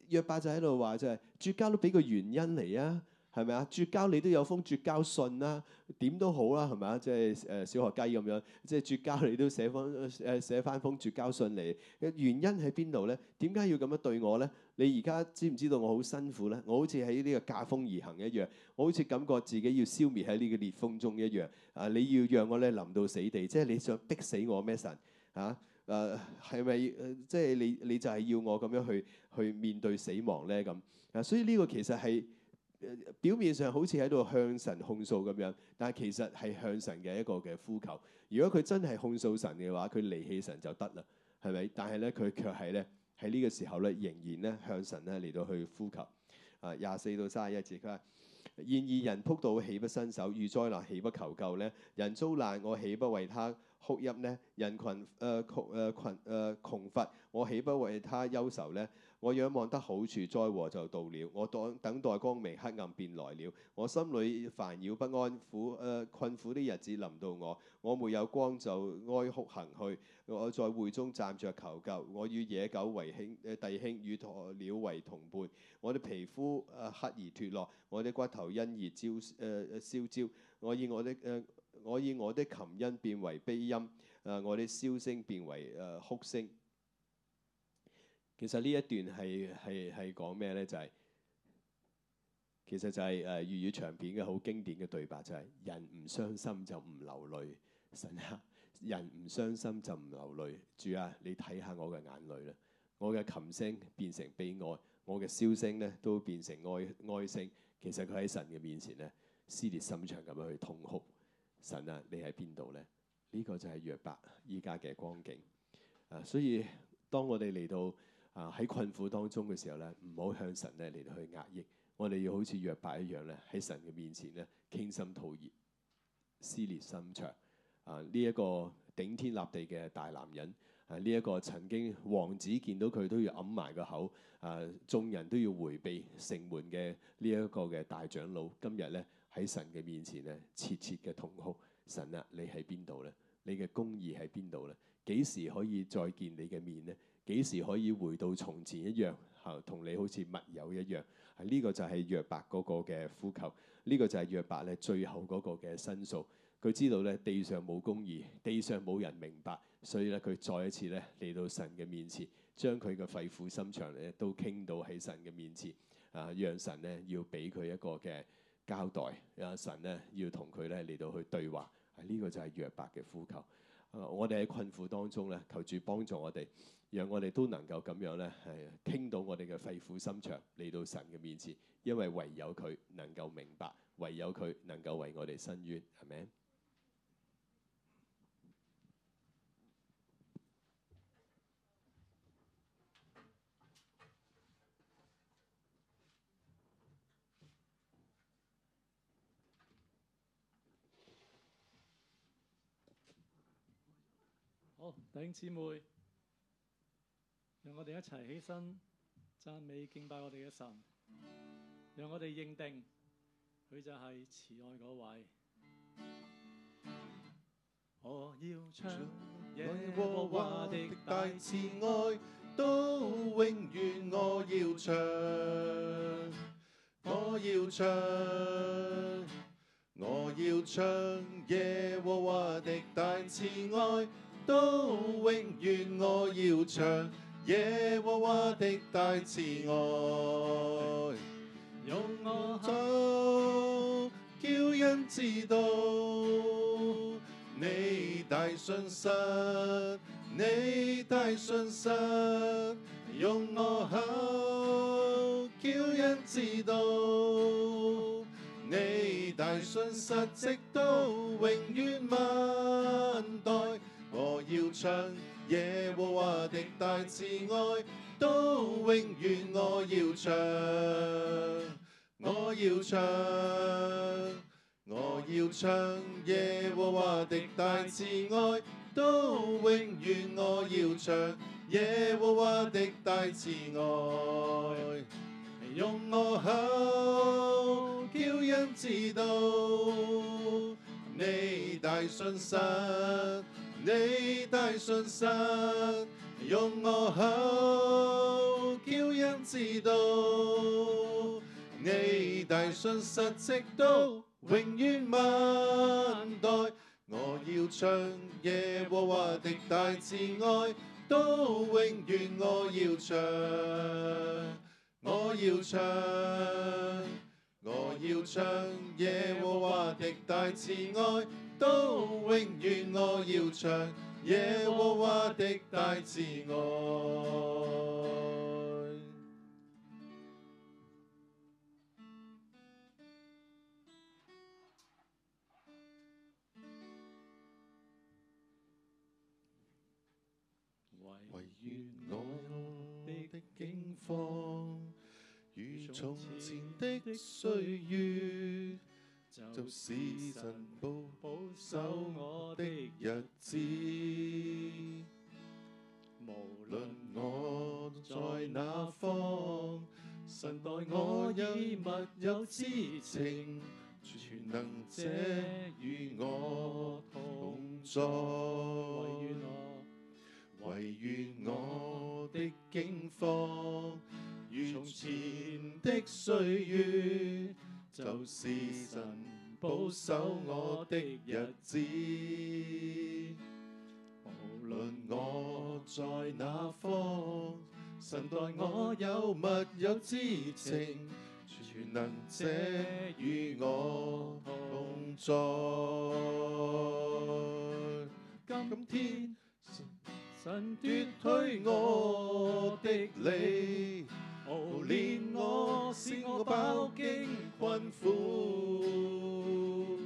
約伯就喺度話就係絕交都俾個原因嚟啊，係咪啊？絕交你都有封絕交信啦，點都好啦，係咪啊？即係誒小學雞咁樣，即係絕交你都寫封誒寫翻封絕交信嚟，原因喺邊度咧？點解要咁樣對我咧？你而家知唔知道我好辛苦咧？我好似喺呢個駕風而行一樣，我好似感覺自己要消滅喺呢個烈風中一樣。啊，你要讓我咧臨到死地，即係你想逼死我咩神啊？誒，係咪即係你你就係要我咁樣去去面對死亡咧？咁啊，所以呢個其實係、呃、表面上好似喺度向神控訴咁樣，但係其實係向神嘅一個嘅呼求。如果佢真係控訴神嘅話，佢離棄神就得啦，係咪？但係咧，佢卻係咧。喺呢個時候咧，仍然咧向神咧嚟到去呼吸。啊，廿四到卅一節，佢話：然而人仆倒，豈不伸手；遇災難，豈不求救咧。人遭難，我豈不為他哭泣呢，人群誒、呃呃、窮誒窮誒窮乏，我豈不為他憂愁咧。我仰望得好處，災禍就到了；我等等待光明，黑暗便來了。我心裏煩擾不安，苦誒、呃、困苦的日子臨到我。我沒有光就哀哭行去，我在會中站着求救。我與野狗為兄誒弟兄，與鴕鳥為同伴。我的皮膚誒、呃、黑而脱落，我的骨頭因而焦誒、呃、燒焦。我以我的誒、呃、我以我的琴音變為悲音，誒、呃、我的簫聲變為誒、呃、哭聲。其實呢一段係係係講咩咧？就係、是、其實就係誒粵語長片嘅好經典嘅對白，就係、是、人唔傷心就唔流淚，神啊！人唔傷心就唔流淚。主啊，你睇下我嘅眼淚啦，我嘅琴聲變成悲哀，我嘅簫聲咧都變成哀哀聲。其實佢喺神嘅面前咧撕裂心腸咁樣去痛哭。神啊，你喺邊度咧？呢、這個就係約伯依家嘅光景啊。所以當我哋嚟到。啊！喺困苦當中嘅時候咧，唔好向神咧嚟到去壓抑，我哋要好似約伯一樣咧，喺神嘅面前咧傾心吐意、撕裂心腸。啊！呢一個頂天立地嘅大男人，啊！呢一個曾經王子見到佢都要揞埋個口，啊！眾人都要回避城門嘅呢一個嘅大長老，今日咧喺神嘅面前咧切切嘅痛哭：神啊，你喺邊度咧？你嘅公義喺邊度咧？幾時可以再見你嘅面咧？幾時可以回到從前一樣？嚇，同你好似密友一樣。係、啊、呢、這個就係約伯嗰個嘅呼求，呢、這個就係約伯咧最後嗰個嘅申訴。佢知道咧地上冇公義，地上冇人明白，所以咧佢再一次咧嚟到神嘅面前，將佢嘅肺腑心腸咧都傾到喺神嘅面前，啊，讓神咧要俾佢一個嘅交代，啊，讓神咧要同佢咧嚟到去對話。係、啊、呢、這個就係約伯嘅呼求、啊。我哋喺困苦當中咧，求主幫助我哋。讓我哋都能夠咁樣咧，係傾到我哋嘅肺腑心腸嚟到神嘅面前，因為唯有佢能夠明白，唯有佢能夠為我哋伸冤，係咪？好，弟兄姊妹。讓我哋一齊起身讚美敬拜我哋嘅神，讓我哋認定佢就係慈愛嗰位。我要唱耶和華的大慈愛，都永遠我要唱，我要唱，我要唱耶和華的大慈愛，都永遠我要唱。耶和華的大慈愛，用我口叫人知道，你大信實，你大信實，用我口叫人知道，你大信實，直到永遠萬代，我要唱。耶和華的大慈愛，都永遠我要唱，我要唱，我要唱。耶和華的大慈愛，都永遠我要唱。耶和華的大慈愛， [MUSIC] 用我口叫人知道，你大信實。你大信實用我口，叫人知道。你大信實直到永遠萬代，我要唱耶和華的大慈愛，都永遠我要唱，我要唱。我要唱耶和華的大慈愛，都永遠我要唱耶和華的大慈愛。從前的歲月，就是神保守我的日子。無論我在哪方，神待我以密友之情，全能者與我同在。唯願我，唯願我的境況如從前。的歲月，就是神保守我的日子，無論我在哪方，神待我有密友之情，全能者與我同在。今天神，神奪取我的你。無憐我，我，我，使我飽經困苦。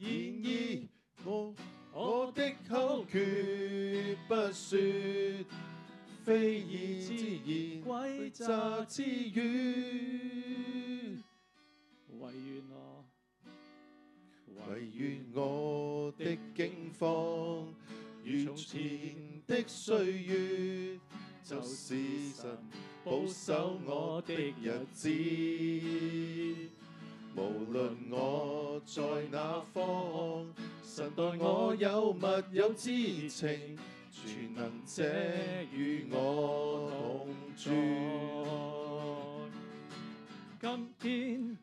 然而我我的口訣不說，非義之言，詭詐之語。唯願我，唯願我的境況如從前的歲月。就是神保守我的日子，無論我在哪方，神待我有密友之情，全能者與我同在。今天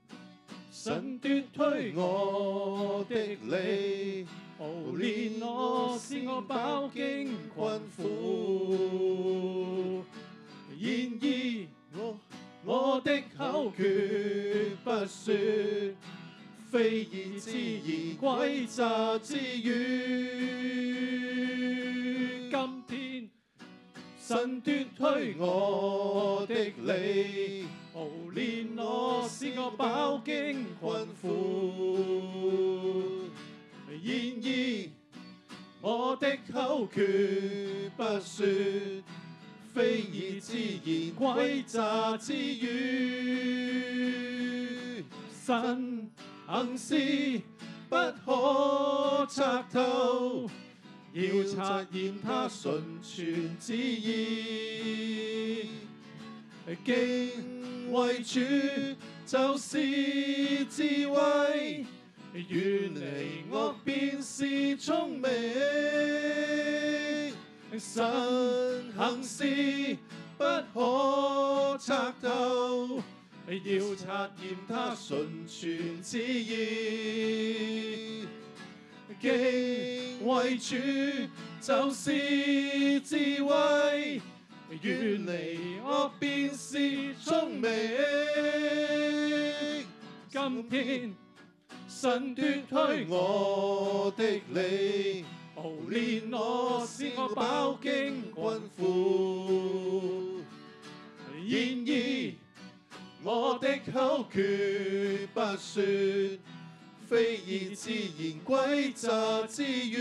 神奪推我的你。磨練我，使我飽經困苦。然而我我的口決不説非義之言，詭詐之語。今天神奪去我的理，磨練我，使我飽經困苦。絕不說非義之言，詭詐之語。神行事不可測透，要察驗他純全之意。敬畏主，就是智慧。遠離惡便是聰明，神行事不可測透，要察驗他純全旨意，敬畏主就是智慧，遠離惡便是聰明，今天。神奪去我的理，熬煉我使我飽經困苦，然而已我的口決不説非義自然詭詐之語，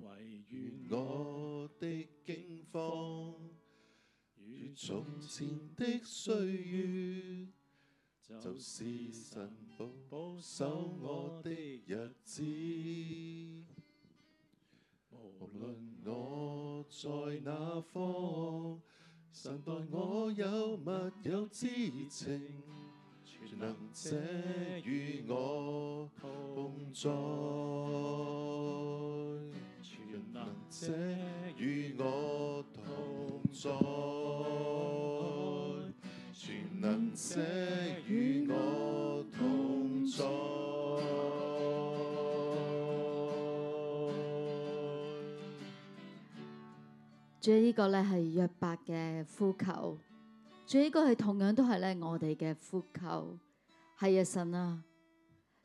唯願我,我的景況。從前的歲月，就是神保守我的日子。無論我在哪方，神待我有密友之情，全能者與我共在，全能者與我同在。仲有呢個咧，係約伯嘅呼求，仲有呢個係同樣都係咧我哋嘅呼求，係啊神啊，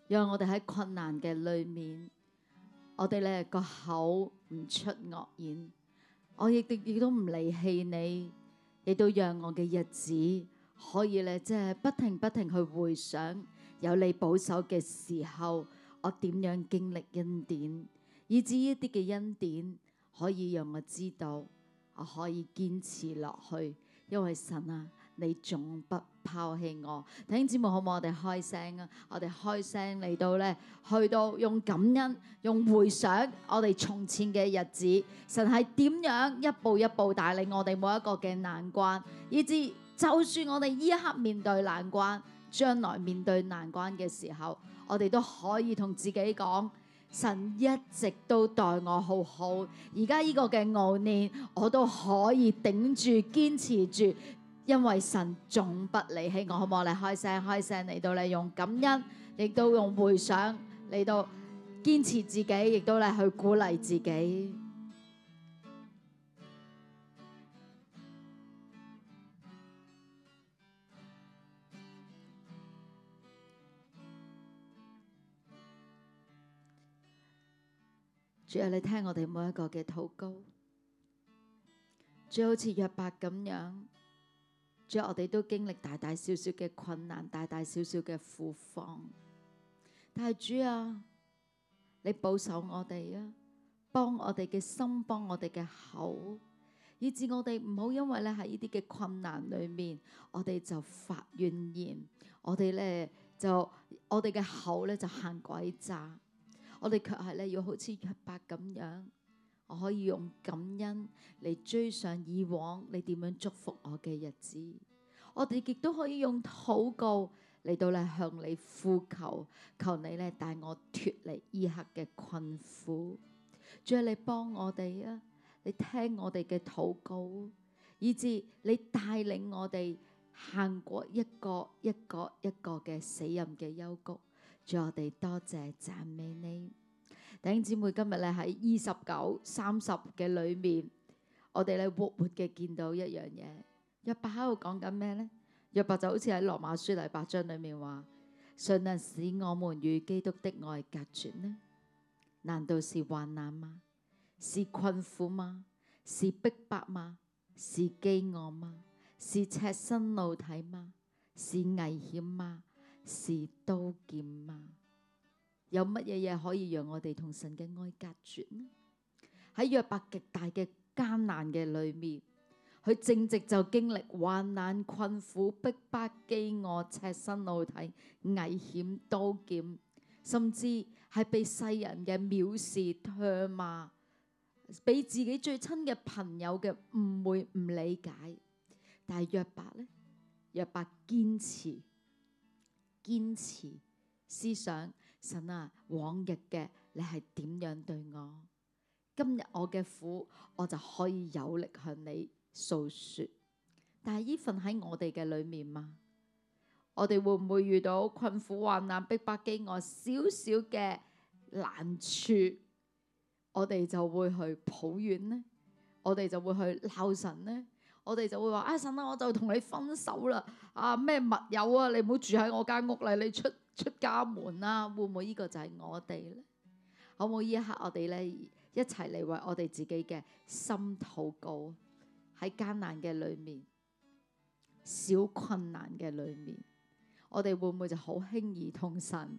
讓我哋喺困難嘅裏面，我哋呢個口唔出惡言，我亦亦都唔離棄你，亦都讓我嘅日子可以呢，即係不停不停去回想，有你保守嘅時候，我點樣經歷恩典，以至一啲嘅恩典可以讓我知道。我可以堅持落去，因為神啊，你總不拋棄我。弟兄姊妹，好唔好？我哋開聲啊？我哋開聲嚟到咧，去到用感恩、用回想我哋從前嘅日子，神係點樣一步一步帶領我哋每一個嘅難關，以至就算我哋呢一刻面對難關，將來面對難關嘅時候，我哋都可以同自己講。神一直都待我好好，而家呢個嘅熬煉我都可以頂住、堅持住，因為神總不離棄我。好唔好？開聲開聲嚟到你用感恩，亦都用回想嚟到堅持自己，亦都嚟去鼓勵自己。主啊，你聽我哋每一個嘅禱告，主，好似約伯咁樣，主啊，我哋都經歷大大小小嘅困難，大大小小嘅苦況。但係主啊，你保守我哋啊，幫我哋嘅心，幫我哋嘅口，以致我哋唔好因為咧喺呢啲嘅困難裏面，我哋就發怨言，我哋咧就我哋嘅口咧就行詭詐。我哋卻係咧，要好似約伯咁樣，我可以用感恩嚟追上以往你點樣祝福我嘅日子。我哋亦都可以用禱告嚟到咧向你呼求，求你咧帶我脫離此刻嘅困苦，仲有你幫我哋啊，你聽我哋嘅禱告，以至你帶領我哋行過一個一個一個嘅死蔭嘅幽谷。我哋多謝讚美你，弟兄姊妹，今日咧喺二十九、三十嘅裏面，我哋咧活活嘅見到一樣嘢。約伯喺度講緊咩呢？約伯就好似喺羅馬書第八章裏面話，誰能使我們與基督的愛隔絕呢？難道是患難嗎？是困苦嗎？是逼迫嗎？是飢餓嗎？是赤身露體嗎？是危險嗎？是刀劍嗎？有乜嘢嘢可以讓我哋同神嘅愛隔絕呢？喺約伯極大嘅艱難嘅裏面，佢正直就經歷患難、困苦、逼迫、飢餓、赤身露體、危險、刀劍，甚至係被世人嘅藐視、唾罵，俾自己最親嘅朋友嘅誤會、唔理解。但係約伯呢？約伯堅持。堅持思想，神啊，往日嘅你係點樣對我？今日我嘅苦，我就可以有力向你訴說。但係呢份喺我哋嘅裏面嗎？我哋會唔會遇到困苦患難、逼迫、飢，飢餓？小小嘅難處，我哋就會去抱怨呢？我哋就會去鬧神呢？我哋就會話、哎、啊神啦，我就同你分手啦，啊咩密友啊，你唔好住喺我間屋啦，你出出家門啦、啊、會唔會呢個就係我哋咧？好唔好呢？會會一刻我哋咧一齊嚟，為我哋自己嘅心禱告，喺艱難嘅裏面，小困難嘅裏面，我哋會唔會就好輕易同神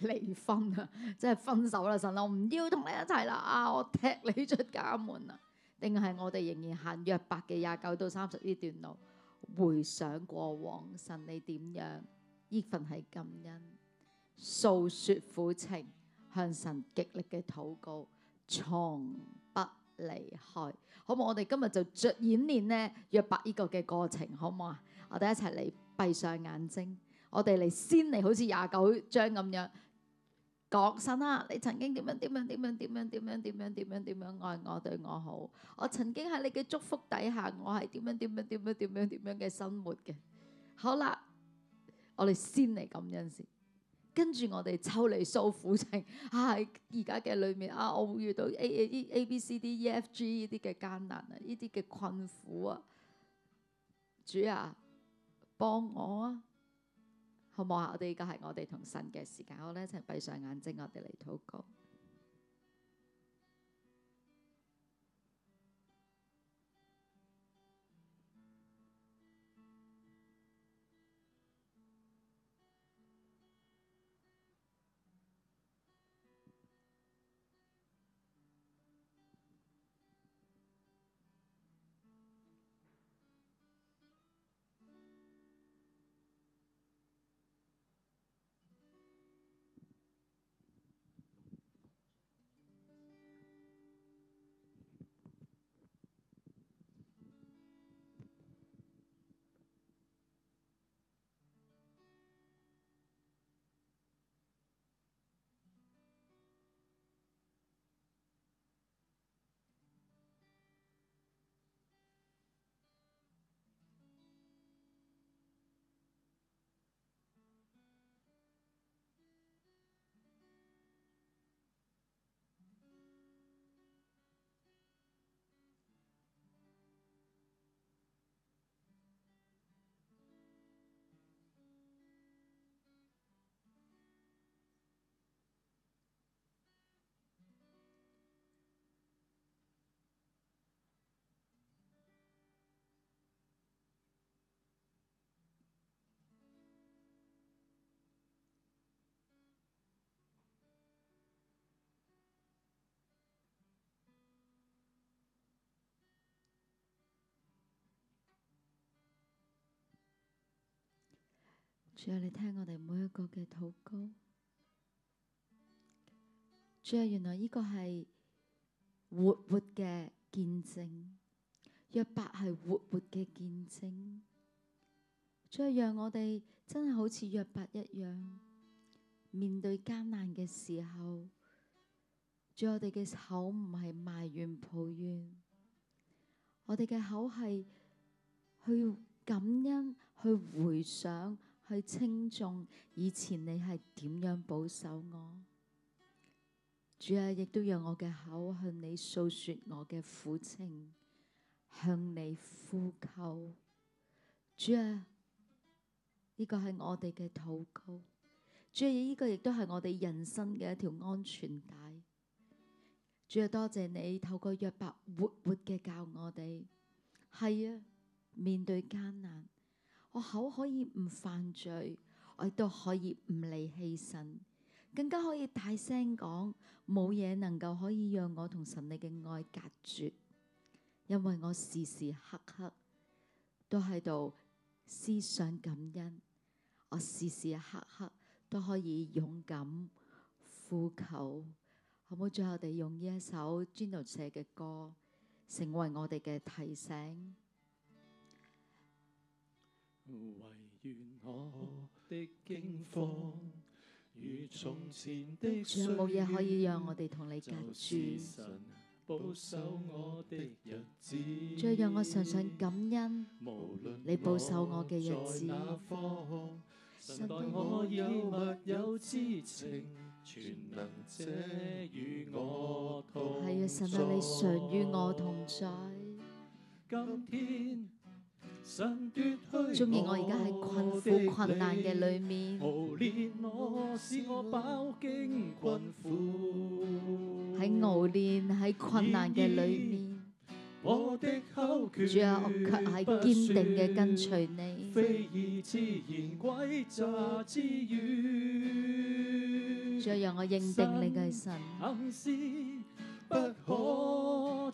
離婚啊，即係、就是、分手啦神啦、啊，我唔要同你一齊啦啊，我踢你出家門啊！定係我哋仍然行約伯嘅廿九到三十呢段路，回想過往，神你點樣？呢份係感恩，訴說苦情，向神極力嘅禱告，從不離開。好唔好？我哋今日就着演練咧約伯呢個嘅過程，好唔好啊？我哋一齊嚟閉上眼睛，我哋嚟先嚟好似廿九章咁樣。講神啊，你曾經點樣點樣點樣點樣點樣點樣點樣點樣愛我對我好，我曾經喺你嘅祝福底下，我係點樣點樣點樣點樣點樣嘅生活嘅。好啦，我哋先嚟感恩先，跟住我哋抽離訴苦情，係而家嘅裏面啊，我會遇到 A A, A, A B C D E F G 呢啲嘅艱難啊，呢啲嘅困苦啊，主啊，幫我啊！好唔好啊！我哋而家係我哋同神嘅時間，好啦，一齊閉上眼睛，我哋嚟禱告。仲有你聽我哋每一個嘅禱告，仲有原來呢個係活活嘅見證，約伯係活活嘅見證，仲要讓我哋真係好似約伯一樣，面對艱難嘅時候，仲有我哋嘅口唔係埋怨、抱怨，我哋嘅口係去感恩，去回想。去稱重以前你係點樣保守我，主啊，亦都讓我嘅口向你訴說我嘅苦情，向你呼求，主啊，呢個係我哋嘅禱告，主啊，呢個亦都係我哋人生嘅一條安全帶，主啊，多謝你透過約伯活活嘅教我哋，係啊，面對艱難。我口可以唔犯罪，我都可以唔離棄神，更加可以大聲講，冇嘢能夠可以讓我同神你嘅愛隔絕，因為我時時刻刻都喺度思想感恩，我時時刻刻都可以勇敢呼求，好唔好？最後我哋用呢一首 Juno 寫嘅歌，成為我哋嘅提醒。惟願我的景況如從前的歲月，就像神保守我的日子，最讓我常常感恩。無論我在哪方，神待我有密友之情，全能者與我同在，你常與我同在。今天。中意我而家喺困苦困難嘅裏面，喺熬練喺困難嘅裏面，仲有，我卻係堅定嘅跟隨你，再讓神我認定你嘅神。不可要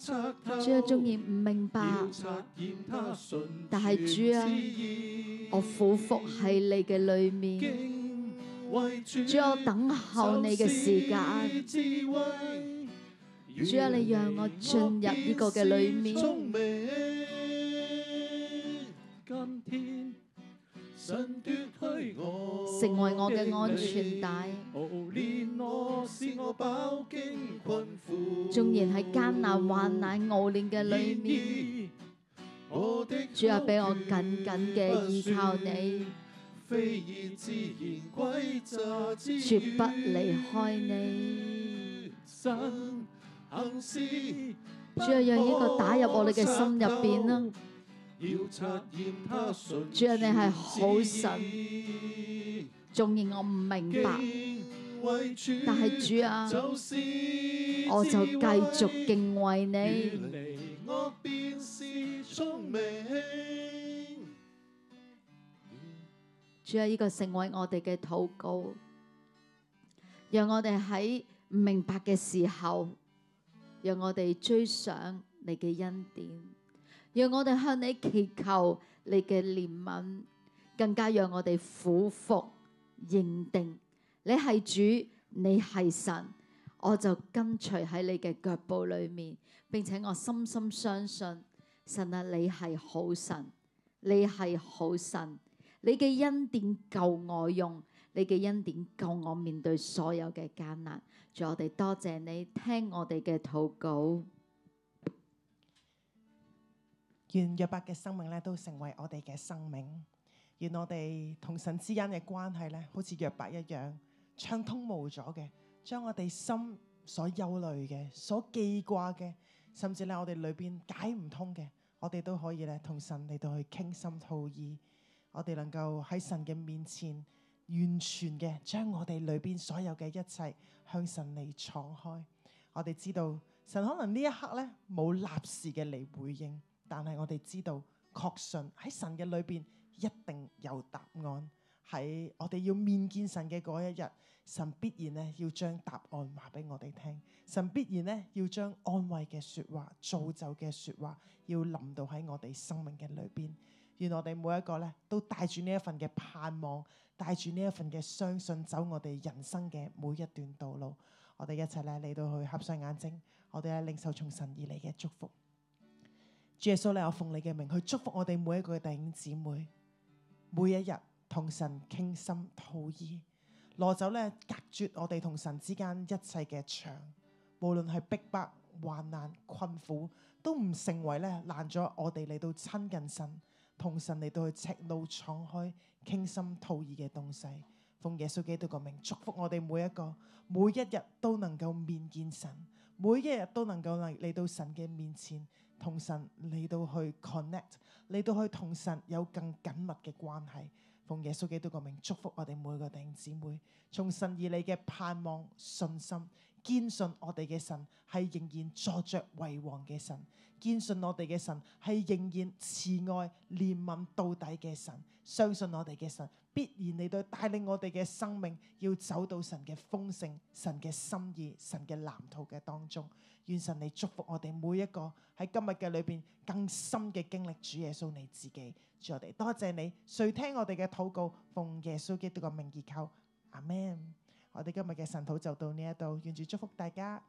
主啊，中意唔明白，但係主啊，我俯伏喺你嘅裏面。主啊，我等候你嘅時間。主啊，你讓我進入呢個嘅裏面。成為我嘅安全帶，縱然喺艱難患難熬煉嘅裏面，主啊，俾我緊緊嘅依靠你，非以自然歸，絕不離開你。主啊，讓呢個打入我哋嘅心入邊啦，主啊，你係好神。縱然我唔明白，但係主啊，就我就繼續敬畏你。主啊，呢、這個成為我哋嘅禱告，讓我哋喺唔明白嘅時候，讓我哋追上你嘅恩典，讓我哋向你祈求你嘅憐憫，更加讓我哋苦服。認定你係主，你係神，我就跟隨喺你嘅腳步裏面，並且我深深相信神啊，你係好神，你係好神，你嘅恩典夠我用，你嘅恩典夠我面對所有嘅艱難。我哋多謝你聽我哋嘅禱告，願約伯嘅生命咧都成為我哋嘅生命。而我哋同神之間嘅關係呢好似約伯一樣，暢通無阻嘅，將我哋心所憂慮嘅、所記掛嘅，甚至咧我哋裏邊解唔通嘅，我哋都可以咧同神嚟到去傾心吐意。我哋能夠喺神嘅面前完全嘅將我哋裏邊所有嘅一切向神嚟敞開。我哋知道神可能呢一刻呢冇立時嘅嚟回應，但係我哋知道確信喺神嘅裏邊。一定有答案。喺我哋要面見神嘅嗰一日，神必然呢要將答案話俾我哋聽，神必然呢要將安慰嘅說話、造就嘅說話，要臨到喺我哋生命嘅裏邊。願我哋每一個呢都帶住呢一份嘅盼望，帶住呢一份嘅相信，走我哋人生嘅每一段道路。我哋一齊呢嚟到去合上眼睛，我哋呢領受從神而嚟嘅祝福。耶穌，呢，我奉你嘅名去祝福我哋每一個弟兄姊妹。每一日同神傾心吐意，攞走呢隔絕我哋同神之間一切嘅牆，無論係逼迫、迫、患難、困苦，都唔成為呢攔阻我哋嚟到親近神、同神嚟到去赤露敞開傾心吐意嘅東西。奉耶穌基督個名祝福我哋每一個，每一日都能夠面見神，每一日都能夠嚟到神嘅面前，同神你都去 connect，你都去同神有更緊密嘅關係。奉耶穌基督個名，祝福我哋每個弟兄姊妹，從神而嚟嘅盼望信心。堅信我哋嘅神係仍然坐着為王嘅神，堅信我哋嘅神係仍然慈愛憐憫到底嘅神，相信我哋嘅神必然嚟到帶領我哋嘅生命要走到神嘅豐盛、神嘅心意、神嘅藍圖嘅當中。願神你祝福我哋每一個喺今日嘅裏邊更深嘅經歷主耶穌你自己。主我哋多謝你垂聽我哋嘅禱告，奉耶穌基督嘅名而求，阿門。我哋今日嘅晨禱就到呢一度，願主祝福大家。